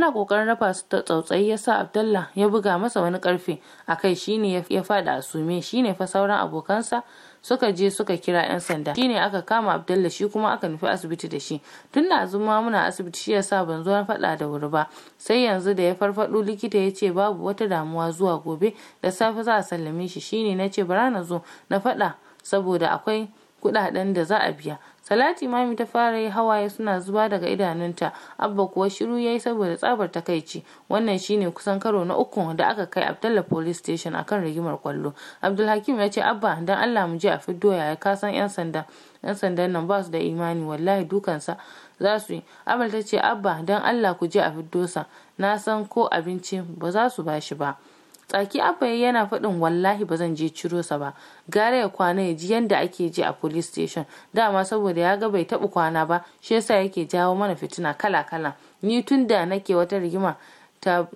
muna kokarin rafa su ta tsautsayi sa abdallah ya buga masa wani karfe a kai shine ya fada a sume ne fa sauran abokansa suka je suka kira 'yan sanda shi ne aka kama abdallah shi kuma aka nufi asibiti da shi tun da azuma muna asibiti shi ya sa ban zo na faɗa da wuri ba sai yanzu da ya farfaɗo likita ya ce babu wata damuwa zuwa gobe da safe za a sallame shi shine na ce bara na zo na faɗa saboda akwai kudaden da za a biya salati mami ta fara yi hawaye suna zuba daga idanunta abba kuwa shiru ya yi saboda tsabar takaici wannan shine kusan karo na uku da aka kai abdallah police station akan rigimar kwallo abdulhakim ya ce abba dan allah mu je a fiddo ya kasan yan yan sandan nan ba su da imani wallahi dukansa za su yi abba ta ce abba dan allah ku je a fiddo sa na san ko abinci ba za su bashi ba tsaki abba yana faɗin wallahi ba zan je ciro sa ba gara ya kwana ya ji yadda ake ji a police station dama saboda ya ga bai taɓa kwana ba shi yasa yake jawo mana fitina kala kala ni tun da nake wata rigima ta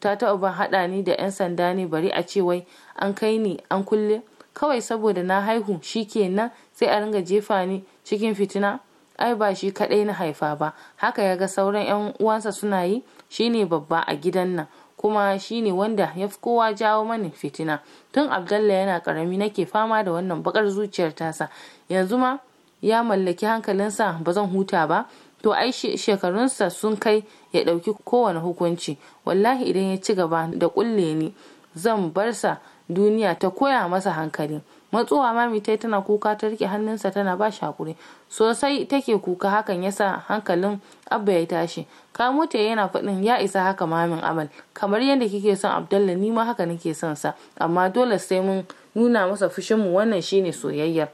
taɓa ban haɗa ni da 'yan sanda ne bari a ce wai an kai ni an kulle kawai saboda na haihu shi kenan sai a ringa jefa ni cikin fitina ai ba shi kaɗai na haifa ba haka ya ga sauran 'yan uwansa suna yi shine babba a gidan nan kuma shine wanda ya fi kowa jawo mani fitina tun abdallah yana karami nake fama da wannan bakar zuciyar tasa yanzu ma ya mallaki hankalinsa ba zan huta ba to ai shekarunsa sun kai ya ɗauki kowane hukunci wallahi idan ya ci gaba da kulle ni zan barsa duniya ta koya masa hankali matsuwa mami ta tana kuka ta rike hannunsa tana ba shi hakuri sosai take kuka hakan yasa hankalin abba ya tashi kamo ta yana faɗin ya isa haka mamin amal kamar yadda kike son abdalla ni ma haka nake son sa amma dole sai mun nuna masa fushinmu wannan shine soyayyar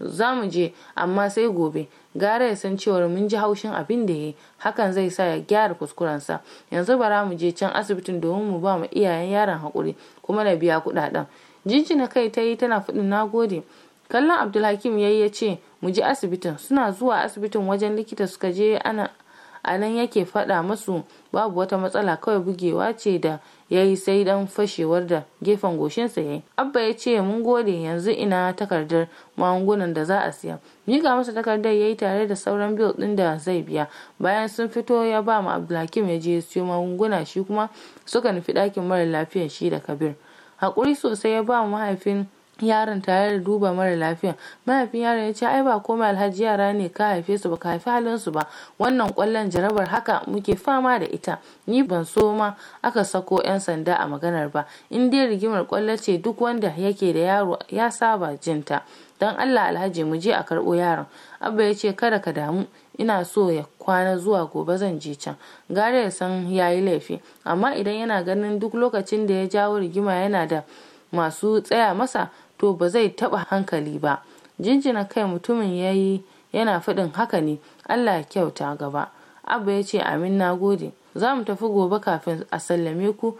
za mu je amma sai gobe gara ya san cewar mun ji haushin abin da ya yi hakan zai sa ya gyara kuskurensa yanzu bara mu je can asibitin domin mu ba mu iyayen yaron hakuri kuma na biya kuɗaɗen jijina kai ta yi tana faɗin na gode kallon abdulhakim ya yi ya ce mu je asibitin suna zuwa asibitin wajen likita suka je ana a nan yake faɗa masu babu wata matsala kawai bugewa ce da ya yi sai dan fashewar da gefen goshinsa ya yi abba ya ce mun gode yanzu ina takardar magungunan da za a siya miƙa masa takardar ya yi tare da sauran bill ɗin da zai biya bayan sun fito ya ba ma abdulhakim ya je siyo magunguna shi kuma suka nufi ɗakin mara lafiyar shi da kabir hakuri sosai ya ba mahaifin yaron tare da duba mara lafiyan mahaifin yaron ya ce ai ba komai alhaji yara ne ka haife su ba ka haifi halin su ba wannan kwallon jarabar haka muke fama da ita ni ban so ma aka sako yan sanda a maganar ba in dai rigimar kwallo ce duk wanda yake da yaro ya saba jinta don allah alhaji mu je a karbo yaron abba ya ce kada ka damu ina so ya kwana zuwa gobe zan je can Gara ya san ya yi laifi amma idan yana ganin duk lokacin da ya jawo rigima yana da masu tsaya masa to ba zai taɓa hankali ba jinjina kai mutumin ya yi yana faɗin haka ne allah ya kyauta gaba abba ya ce amin na gode za mu tafi gobe kafin a sallame ku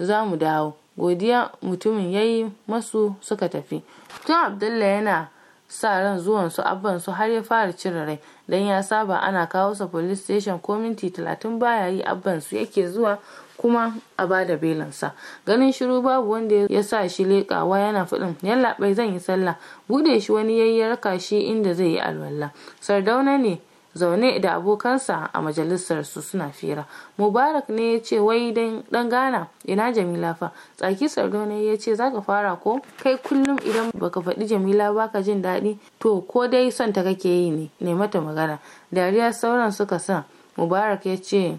za mu dawo godiya mutumin ya yi masu suka tafi tun Abdullahi yana sa ran zuwan su abban su har ya fara cire rai dan ya saba ana kawo sa police station ko minti talatin baya yi abban su yake zuwa kuma a bada belansa ganin shiru babu wanda ya sa shi leƙawa yana faɗin yallaɓai zan yi sallah bude shi wani yayyarka shi inda zai yi alwala sardauna ne zaune da abokansa a majalisar su suna fira mubarak ne ya ce wai dan gana ina jamila fa tsaki sardo ne ya ce zaka fara ko kai kullum idan baka faɗi jamila ba ka jin daɗi to ko dai son ta kake yi ne ne mata magana dariya sauran suka sa mubarak ya ce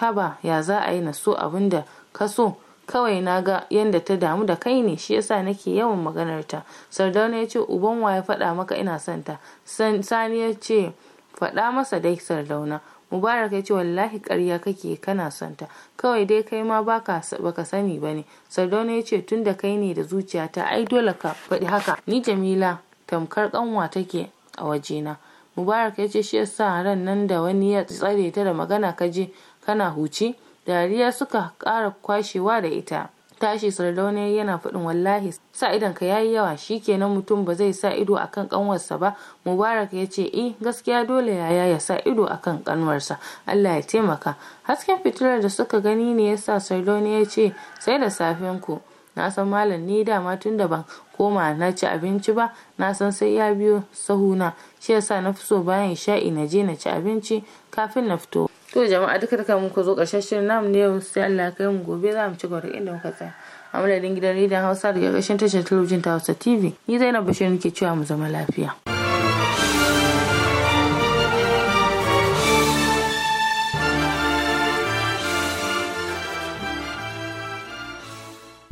haba ya za a yi na so abin da ka so kawai na ga yadda ta damu da kai ne shi yasa nake yawan maganar ta sardauna ya ce uban wa ya faɗa maka ina santa. sani ya ce faɗa masa dai sardauna mubarak ya ce wallahi karya kake kana santa kawai dai kai ma baka sani ba ne. sardauna ya ce tun da kai ne da zuciyata ai dole ka faɗi haka ni jamila tamkar kanwa take a wajena mubarak ya ce shi yasa ran nan da wani ya tsare ta da magana ka je kana huci dariya suka ƙara kwashewa da ita tashi sardauniya yana faɗin wallahi sa idan ka yayi yawa shi shikenan mutum ba zai sa ido akan kanwarsa ba mubarak ya ce eh gaskiya dole yaya ya sa ido akan kanwarsa allah ya taimaka hasken fitilar da suka gani ne ya sa ya ce sai da safen ku na san malam ni dama tun da ban koma na ci abinci ba na san sai ya biyo sahuna shi yasa na fi so bayan sha'i na je na ci abinci kafin na fito to jama'a duka da kamun ku zo ƙarshen shirin namu ne yau sai Allah kai mu gobe za mu ci gaba inda muka tsaya a madadin gidan rediyon Hausa daga ƙarshen tashar talabijin ta Hausa TV ni Zainab Bashir nake cewa mu zama lafiya.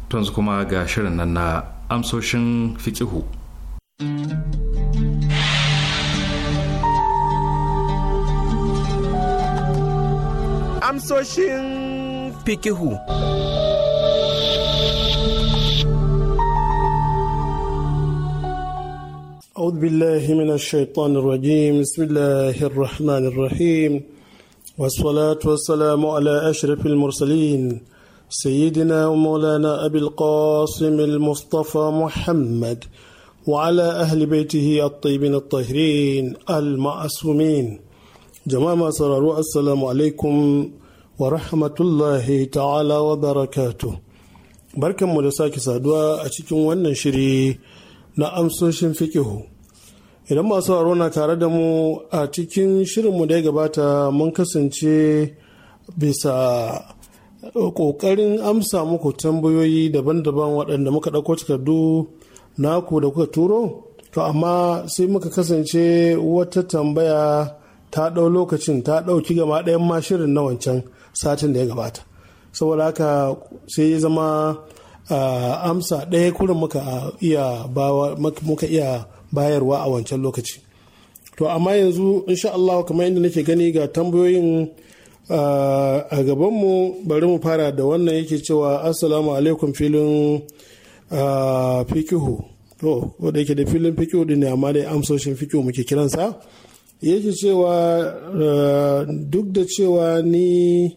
Tunzu kuma ga shirin nan na amsoshin fikihu. amsoshin fikihu. أعوذ بالله من الشيطان الرجيم بسم الله الرحمن الرحيم والصلاة والسلام على أشرف المرسلين سيدنا ومولانا أبي القاسم المصطفى محمد وعلى أهل بيته الطيبين الطاهرين المعصومين jama'a masu sauraro assalamu alaikum wa rahmatullahi ta'ala wa barakatu barkanmu da sake saduwa a cikin wannan shiri na amsoshin fikihu idan masu waro na tare da mu a cikin shirinmu da ya gabata mun kasance bisa ƙoƙarin amsa muku tambayoyi daban-daban waɗanda muka ɗauko takardu naku da kuka turo to amma sai muka kasance wata tambaya ta ɗau lokacin ta ɗauki gama ɗayan ma shirin na wancan satin da ya gabata saboda haka sai zama amsa ɗaya kurin muka iya bayarwa a wancan lokaci to amma yanzu insha Allah kamar inda nake gani ga tambayoyin a gabanmu bari mu fara da wannan yake cewa assalamu alaikum filin fikihu to wanda yake da filin fikihu din ne amma dai amsoshin fikihu muke kiransa yake cewa duk da cewa ni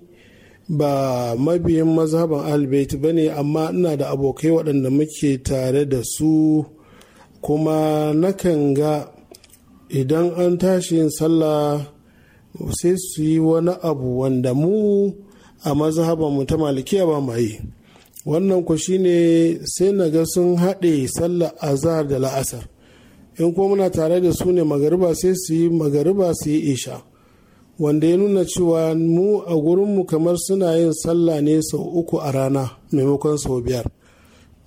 ba mabiyin mazhaban albait ba ne amma ina da abokai waɗanda muke tare da su kuma nakan ga idan an tashi yin sallah sai su yi wani abu wanda mu a mazhaban mu ta malikiya ba ma wannan ku shine sai na ga sun haɗe sallah azhar da la'asar in kuma muna tare da su ne magariba sai su yi magariba su yi isha wanda ya nuna cewa mu a gurinmu kamar suna yin sallah ne sau uku a rana maimakon sau biyar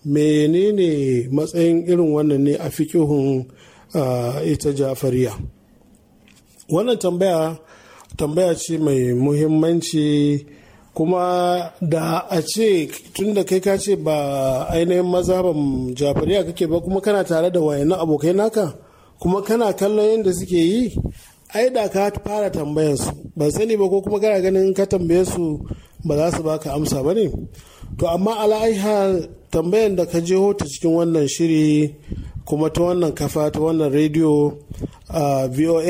menene matsayin irin wannan ne a fikihun ita jafariya wannan tambaya tambaya ce mai muhimmanci kuma da a ce tun da kai ka ce ba ainihin mazhaban jafariya kake ba kuma kana tare da wayannan abokai naka kuma kana kallon yadda suke yi ai da ka fara tambayar su ban sani ba ko kuma kana ganin ka tambaye su ba za su baka amsa ba ne to amma ala'aiha tambayan da ka je ta cikin wannan shiri kuma ta wannan kafa ta wannan rediyo a voh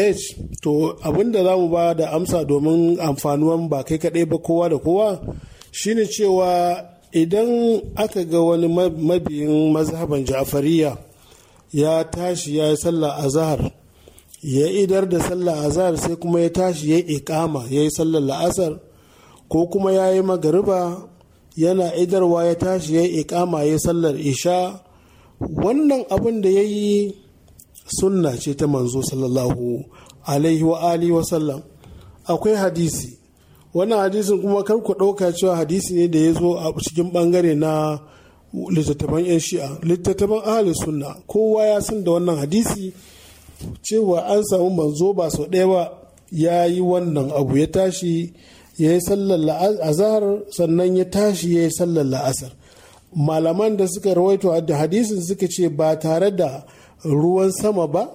to abinda za mu ba da amsa domin amfanuwan ba kai kaɗai ba kowa da kowa shine cewa idan aka ga wani mabiyin mazhaban ja'fariya ya tashi ya yi sallah a Zahar. ya idar da sallar azhar sai kuma ya tashi ya ikama ya yi sallar la'asar ko kuma ya yi magariba yana idarwa ya tashi ya ikama ya sallar isha wannan abin da ya yi sunna ce ta manzo sallallahu alaihi wa alihi wasallam akwai hadisi wannan hadisin kuma kar ku ɗauka cewa hadisi ne da ya zo a cikin bangare na littattafan 'yan shi'a littattafan ahli sunna kowa ya san da wannan hadisi cewa an samu manzo ba sau ɗaya ba ya yi wannan abu ya tashi ya yi sallar azahar sannan ya tashi ya yi sallar la'asar malaman da suka rawaito da hadisin suka ce ba tare da ruwan sama ba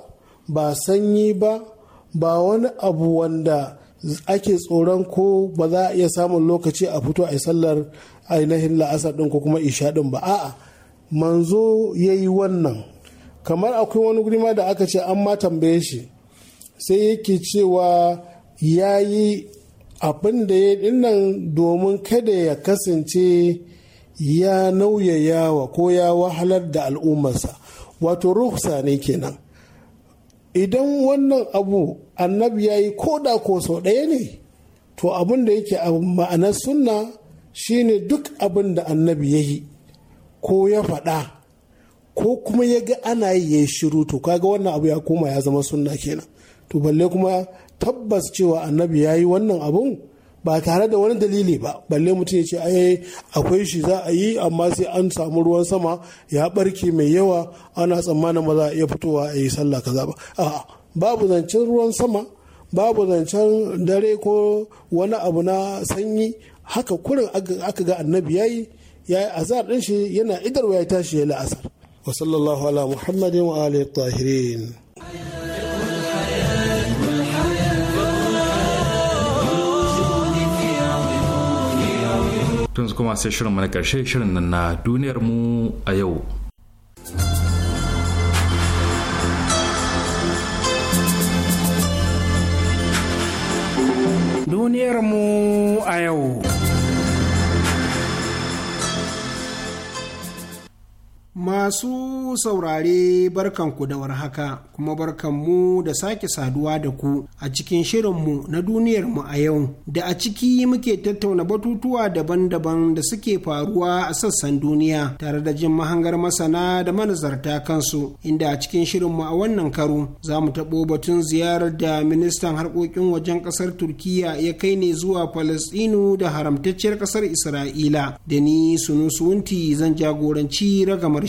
ba sanyi ba ba wani abu wanda ake tsoron ko ba za a iya samun lokaci a fito a sallar ainihin la'asar ɗin ko kuma isha din ba a'a manzo ya yi wannan kamar akwai wani guri ma da aka ce an ma tambaye shi sai yake cewa ya yi abin da ya dinnan domin kada ya kasance ya nauyayawa ko ya wahalar da al'ummarsa wato ruhsa ne kenan idan wannan abu annabi ya yi koda ko sau ɗaya ne to abin da yake a ma'anar sunna shine duk abin da annabi ya yi ko ya faɗa ko kuma ya ga ana yi ya shiru to kaga wannan abu ya koma ya zama sunna kenan to balle kuma tabbas cewa annabi ya yi wannan abun ba tare da wani dalili ba balle mutum ya ce ai akwai shi za a yi amma sai an samu ruwan sama ya barke mai yawa ana tsammanin ba za a iya fitowa a yi sallah kaza ba a'a babu zancen ruwan sama babu zancen dare ko wani abu na sanyi haka kurin aka ga annabi yayi ya yi azar din shi yana idarwa ya tashi ya la'asar وصلى الله على محمد وآله الطاهرين tun kuma sai shirin na karshe shirin nan na duniyar mu a yau duniyar mu a yau Masu saurare barkan ku da haka kuma barkanmu da sake saduwa da ku a cikin shirinmu na duniyarmu a yau da a ciki muke tattauna batutuwa daban-daban da suke faruwa a sassan duniya tare da jin mahangar masana da manazarta kansu inda a cikin shirinmu a wannan karo za mu taɓo batun ziyarar da ministan harkokin wajen ƙasar turkiya ya kai ne zuwa Falasɗinu da haramtacciyar ƙasar isra'ila da ni sunusunti zan jagoranci ragamar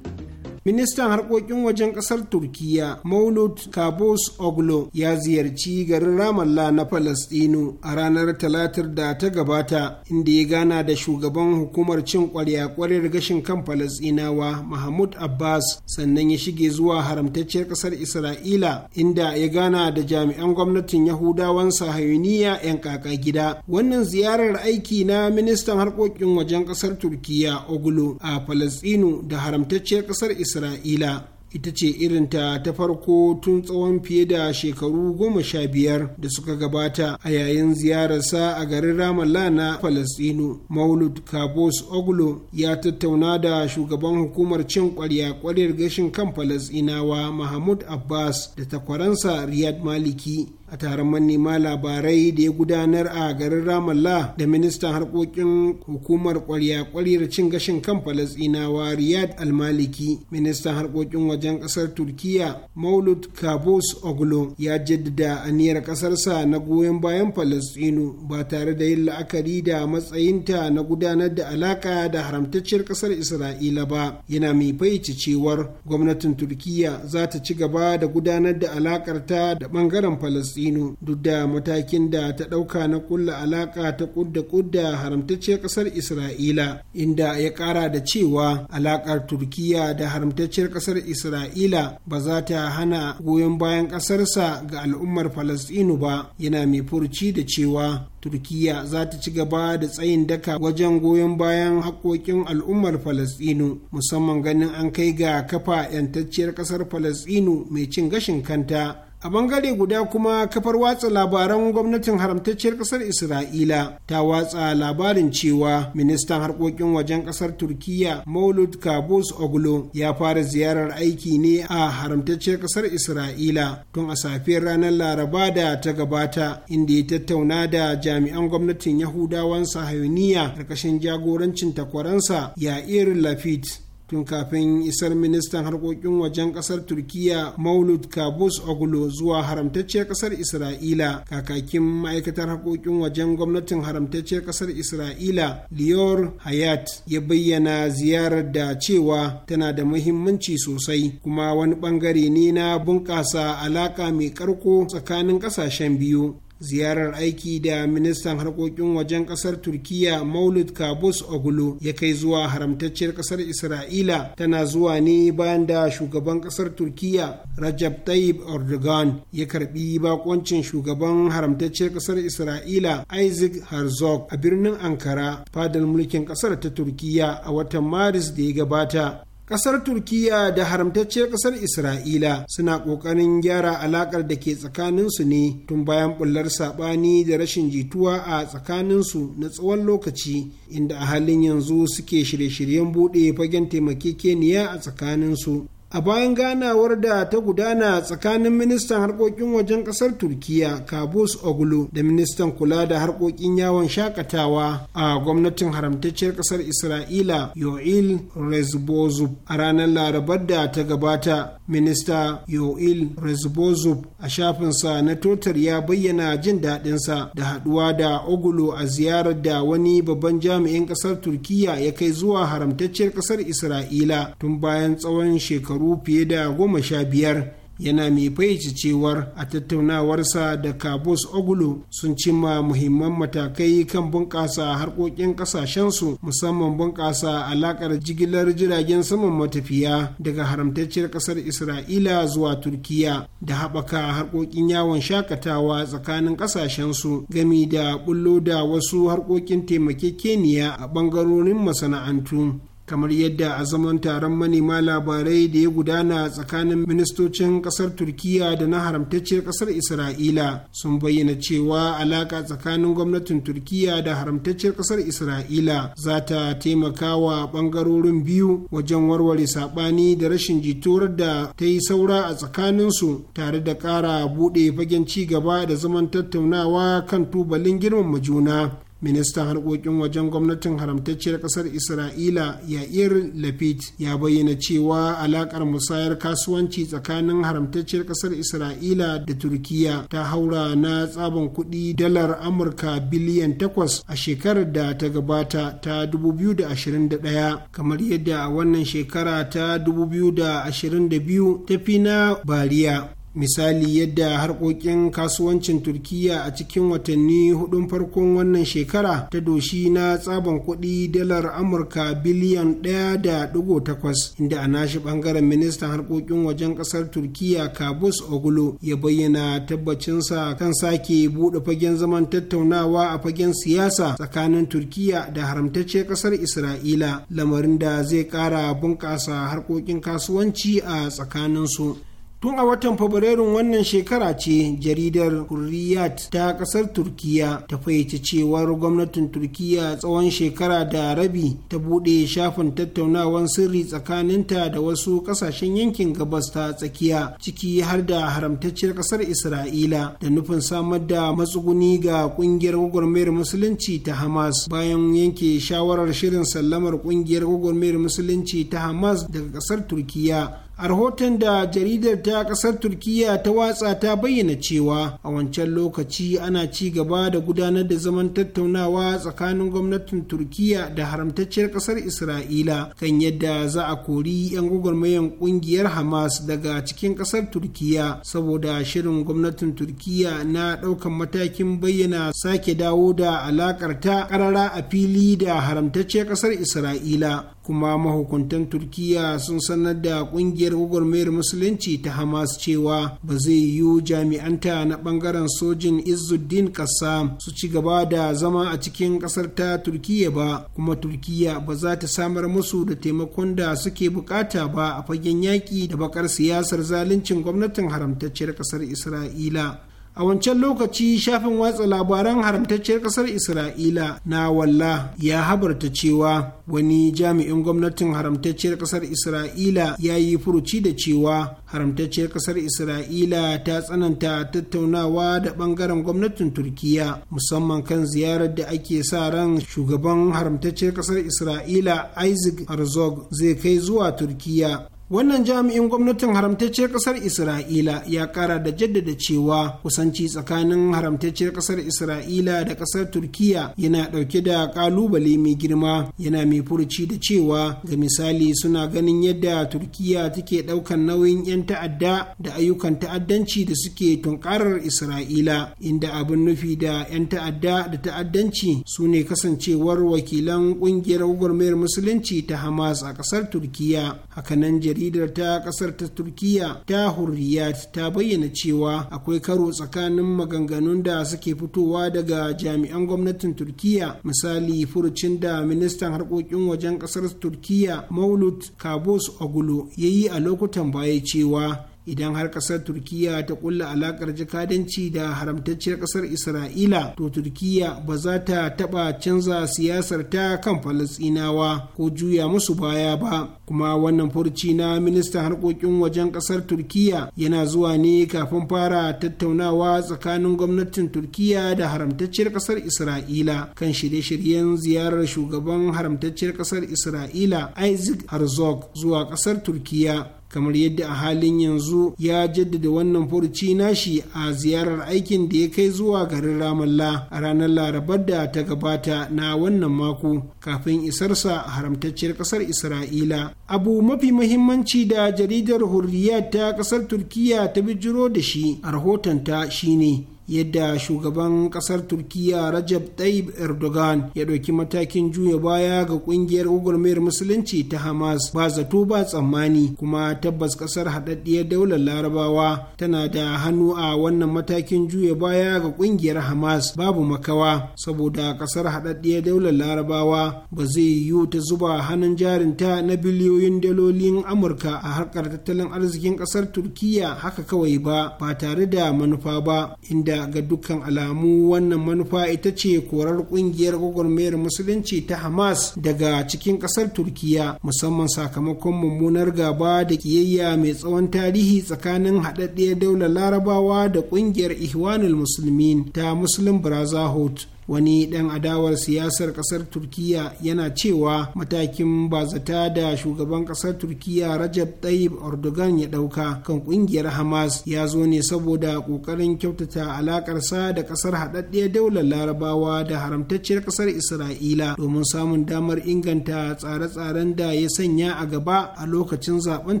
ministan harkokin wajen kasar turkiya maulud kabos oglo ya ziyarci garin ramallah na falastinu a ranar talatar da ta gabata inda ya gana da shugaban hukumar cin kwarya-kwaryar gashin kan falastinawa mahmud abbas sannan ya shige zuwa haramtacciyar kasar isra'ila inda ya gana da jami'an gwamnatin yahudawan sahayuniya 'yan kaka gida wannan ziyarar aiki na ministan harkokin wajen kasar turkiya oglo a falastinu da haramtacciyar kasar isra'ila isra'ila ita ce irinta ta farko tun tsawon fiye da shekaru goma sha biyar da suka gabata a yayin ziyararsa a garin ramallah na falastinu maulud kabos oglo ya tattauna da shugaban hukumar cin kwarya kwaryar gashin kan falastinawa mahmud abbas da takwaransa riyad maliki a taron manema labarai da ya gudanar a garin ramallah da ministan harkokin hukumar kwarya da cin gashin kan Falasinawa riyad almaliki ministan harkokin wajen ƙasar turkiya maulud kabus oglo ya jaddada aniyar ƙasarsa na goyon bayan Falasinu ba tare da yin la'akari da matsayinta na gudanar da alaƙa da haramtacciyar ƙasar isra'ila ba yana mai faici cewar gwamnatin turkiya za ta ci gaba da gudanar da alaƙarta da ɓangaren Falasinu. duk da matakin da ta ɗauka na kulla alaƙa ta kudda kudda haramtacciyar ƙasar isra'ila inda ya ƙara da cewa alaƙar turkiya da haramtacciyar ƙasar isra'ila ba za ta hana goyon bayan ƙasarsa ga al'ummar falastinu ba yana mai furci da cewa turkiya za ta ci gaba da tsayin daka wajen goyon bayan haƙoƙin al'ummar falasɗinu musamman ganin an kai ga kafa 'yantacciyar ƙasar falasɗinu mai cin gashin kanta a bangare guda kuma kafar watsa labaran gwamnatin haramtacciyar kasar isra'ila ta watsa labarin cewa ministan harkokin wajen kasar turkiya maulud kabus oglo ya fara ziyarar aiki ne a haramtacciyar kasar isra'ila tun a safiyar ranar laraba da ta gabata inda ya tattauna da jami'an gwamnatin yahudawan sahayuniya karkashin jagorancin takwaransa ya'ir lafit tun kafin isar ministan harkokin wajen kasar turkiya maulud kabus oglu zuwa haramtacciyar kasar isra'ila kakakin ma'aikatar harkokin wajen gwamnatin haramtacciyar kasar isra'ila lior hayat ya bayyana ziyarar da cewa tana da muhimmanci sosai kuma wani bangare ne na bunƙasa alaƙa mai karko tsakanin ƙasashen biyu ziyarar aiki da ministan harkokin wajen kasar turkiya maulud kabus ogulu ya kai zuwa haramtacciyar kasar isra'ila tana zuwa ne bayan da shugaban kasar turkiya rajab tayyip erdogan ya karbi bakoncin shugaban haramtacciyar kasar isra'ila isaac herzog a birnin ankara fadar mulkin kasar ta turkiya a watan maris da ya gabata Ƙasar Turkiyya da haramtacciyar ƙasar Isra'ila suna ƙoƙarin gyara alaƙar da ke tsakaninsu ne tun bayan ɓullar saɓani da rashin jituwa a tsakaninsu na tsawon lokaci, inda a halin yanzu suke shirye-shiryen buɗe fagen taimakekeniya a tsakaninsu a bayan ganawar da ta gudana tsakanin ministan harkokin wajen kasar turkiya kabus oglu da ministan kula da harkokin yawon shakatawa a gwamnatin haramtacciyar kasar isra'ila yoil rezbozub a ranar larabar da ta gabata minista yoil rezbozub a shafinsa na totar ya bayyana jin daɗinsa da haɗuwa da oglu a ziyarar da wani babban jami'in kasar turkiya ya kai zuwa haramtacciyar kasar isra'ila tun bayan tsawon shekaru shekaru fiye da goma sha biyar yana mai fayyace cewar a tattaunawarsa da kabus ogulo sun cimma muhimman matakai kan bunƙasa harkokin ƙasashensu musamman bunƙasa alaƙar jigilar jiragen saman matafiya daga haramtacciyar ƙasar isra'ila zuwa turkiya da haɓaka harkokin yawon shakatawa tsakanin ƙasashensu gami da bullo da wasu harkokin taimakekeniya a ɓangarorin masana'antu kamar yadda a zaman taron manema labarai da ya gudana tsakanin ministocin kasar turkiya da na haramtacciyar kasar isra'ila sun bayyana cewa alaka tsakanin gwamnatin turkiya da haramtacciyar kasar isra'ila za ta taimaka wa bangarorin biyu wajen warware saɓani da rashin jituwar da ta yi saura a tsakaninsu tare da ƙara buɗe fagen ci gaba da zaman tattaunawa kan tubalin girmama juna ministan harkokin wajen gwamnatin haramtacciyar kasar isra'ila yair lapid ya bayyana cewa alakar musayar kasuwanci tsakanin haramtacciyar kasar isra'ila da turkiya ta haura na tsaban kuɗi dalar amurka biliyan 8 a shekarar da ta gabata ta 2021 kamar yadda a wannan shekara ta 2022 ta fi na bariya misali yadda harkokin kasuwancin turkiya a cikin watanni hudun farkon wannan shekara ta doshi na tsaban kuɗi dalar amurka biliyan 1.8 inda a nashi bangaren ministan harkokin wajen kasar turkiya kabus ogulo ya bayyana tabbacinsa kan sake buɗe fagen zaman tattaunawa a fagen siyasa tsakanin turkiya da haramtacce kasar isra'ila lamarin da zai kara bunƙasa harkokin kasuwanci a tsakaninsu. tun a watan fabrairun wannan shekara ce jaridar kuriyat ta kasar turkiya ta fayyace cewar gwamnatin turkiya tsawon shekara da rabi ta buɗe shafin tattaunawan sirri tsakaninta da wasu ƙasashen yankin gabas ta tsakiya ciki har da haramtacciyar ƙasar isra'ila da nufin samar da matsuguni ga ƙungiyar gwagwarmayar musulunci ta hamas bayan yanke shawarar shirin sallamar ƙungiyar gwagwarmayar musulunci ta hamas daga ƙasar turkiya a rahoton da jaridar ta ƙasar turkiya ta watsa ta bayyana cewa a wancan lokaci ana ci gaba da gudanar da zaman tattaunawa tsakanin gwamnatin turkiya da haramtacciyar ƙasar isra'ila kan yadda za a kori 'yan gwagwarmayan ƙungiyar hamas daga cikin ƙasar turkiya saboda shirin gwamnatin turkiya na ɗaukan matakin bayyana sake dawo da alakar ta karara a fili da haramtacciyar ƙasar isra'ila kuma mahukuntan turkiya sun sanar da kungiyar mayar musulunci ta hamas cewa ba zai yiwu jami'anta na bangaren sojin izzuddin kassam su ci gaba da zama a cikin kasar ta turkiya ba kuma turkiya ba za ta samar musu da taimakon da suke bukata ba a fagen yaƙi da bakar siyasar zaluncin gwamnatin haramtacciyar kasar isra'ila a wancan lokaci shafin watsa labaran haramtacciyar kasar isra'ila na walla ya habarta cewa wani jami'in gwamnatin haramtacciyar kasar isra'ila ya yi furuci da cewa haramtacciyar kasar isra'ila ta tsananta tattaunawa da bangaren gwamnatin turkiya musamman kan ziyarar da ake sa ran shugaban haramtacciyar kasar isra'ila isaac Arzog zai kai zuwa turkiya wannan jami'in gwamnatin haramtacciyar kasar isra'ila ya kara da jaddada cewa kusanci tsakanin haramtacciyar kasar isra'ila da kasar turkiya yana dauke da kalubale mai girma yana mai furuci da cewa ga misali suna ganin yadda turkiya take daukan nauyin 'yan ta'adda da ayyukan ta'addanci da suke tunkarar isra'ila inda abin nufi da 'yan ta'adda da ta'addanci su ne kasancewar wakilan kungiyar gwagwarmayar musulunci ta hamas a kasar turkiya hakanan jaridar ta kasar ta turkiya ta hurriyat ta bayyana cewa akwai karo tsakanin maganganun da suke fitowa daga jami'an gwamnatin turkiya misali furucin da ministan harkokin wajen kasar turkiya maulud kabus ogulo ya yi a lokutan baya cewa idan har kasar turkiya ta kulla alakar jakadanci da haramtacciyar kasar isra'ila to turkiya ba za ta taba canza siyasar ta kan falasinawa ko juya musu baya ba kuma wannan furci na ministan harkokin wajen kasar turkiya yana zuwa ne kafin fara tattaunawa tsakanin gwamnatin turkiya da haramtacciyar kasar isra'ila kan shirye-shiryen ziyarar shugaban haramtacciyar kasar isra'ila isaac herzog zuwa kasar turkiya kamar yadda a halin yanzu ya jaddada wannan furuci nashi a ziyarar aikin da ya kai zuwa garin ramallah a ranar larabar da ta gabata na wannan mako kafin isarsa a haramtacciyar kasar isra'ila abu mafi mahimmanci da jaridar hurriya ta kasar turkiya ta bijiro da shi a rahotonta shine yadda shugaban kasar turkiya rajab tayyip erdogan ya ɗauki matakin juya baya ga ƙungiyar gwagwarmayar musulunci ta hamas ba zato ba tsammani kuma tabbas kasar haɗaɗɗiyar daular larabawa tana da hannu a wannan matakin juya baya ga ƙungiyar hamas babu makawa saboda kasar haɗaɗɗiyar daular larabawa ba zai yiwu ta zuba hannun jarinta na biliyoyin dalolin amurka a harkar tattalin arzikin kasar turkiya haka kawai ba ba tare da manufa ba inda inda ga dukkan alamu wannan manufa ita ce korar kungiyar gwagwarmayar musulunci ta hamas daga cikin kasar turkiya musamman sakamakon mummunar gaba da kiyayya mai tsawon tarihi tsakanin haɗaɗɗiyar daular larabawa da kungiyar ihwanul musulmin ta muslim brotherhood wani ɗan adawar siyasar ƙasar turkiya yana cewa matakin bazata da shugaban ƙasar turkiya rajab tayyip erdogan ya ɗauka kan ƙungiyar hamas ya zo ne saboda ƙoƙarin kyautata alaƙarsa da ƙasar haɗaɗɗiyar daular larabawa da haramtacciyar ƙasar isra'ila domin samun damar inganta tsare-tsaren da ya sanya a gaba a lokacin zaben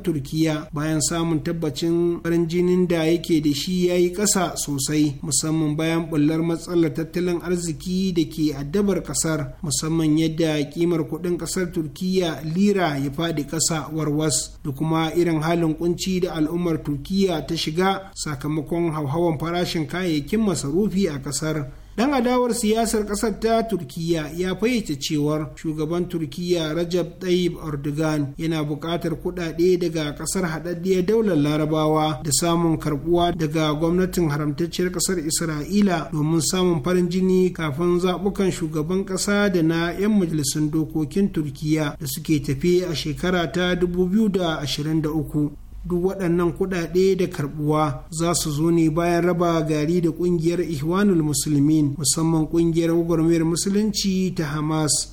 turkiya bayan samun tabbacin farin jinin da yake da shi ya yi ƙasa sosai musamman bayan bullar matsalar tattalin arziki arziki da ke addabar kasar musamman yadda kimar kudin kasar turkiya lira ya fadi kasa warwas da kuma irin halin kunci da al'ummar turkiya ta shiga sakamakon hauhawan farashin kayayyakin masarufi a kasar dan adawar siyasar kasar ta turkiya ya fayyace cewar shugaban turkiyya rajab tayyip erdogan yana buƙatar kuɗaɗe daga kasar haɗaɗɗiyar daular larabawa da samun karbuwa daga gwamnatin haramtacciyar kasar isra'ila domin samun farin jini kafin zaɓukan shugaban ƙasa da na 'yan majalisun dokokin turkiyya da suke tafe a shekara ta 2023 duk waɗannan kuɗaɗe da karɓuwa za su zo ne bayan raba gari da ƙungiyar ihwanul musulmin musamman ƙungiyar gwagwarmayar musulunci ta hamas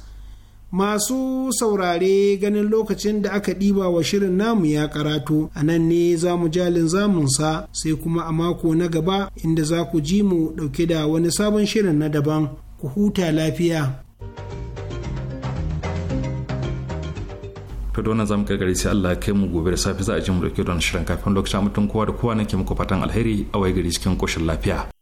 masu saurare ganin lokacin da aka ɗiba wa shirin namu ya karatu a nan ne za mu jalin zamunsa sai kuma a mako na gaba inda za ku ji mu ɗauke da wani sabon shirin na daban ku huta lafiya. haka za zamu kai sai Allah kai mu gobe da safe za a ji mu dauke don shirin kafin lokacin mutum kowa da kowa nake muku fatan alheri a wai gari cikin koshin lafiya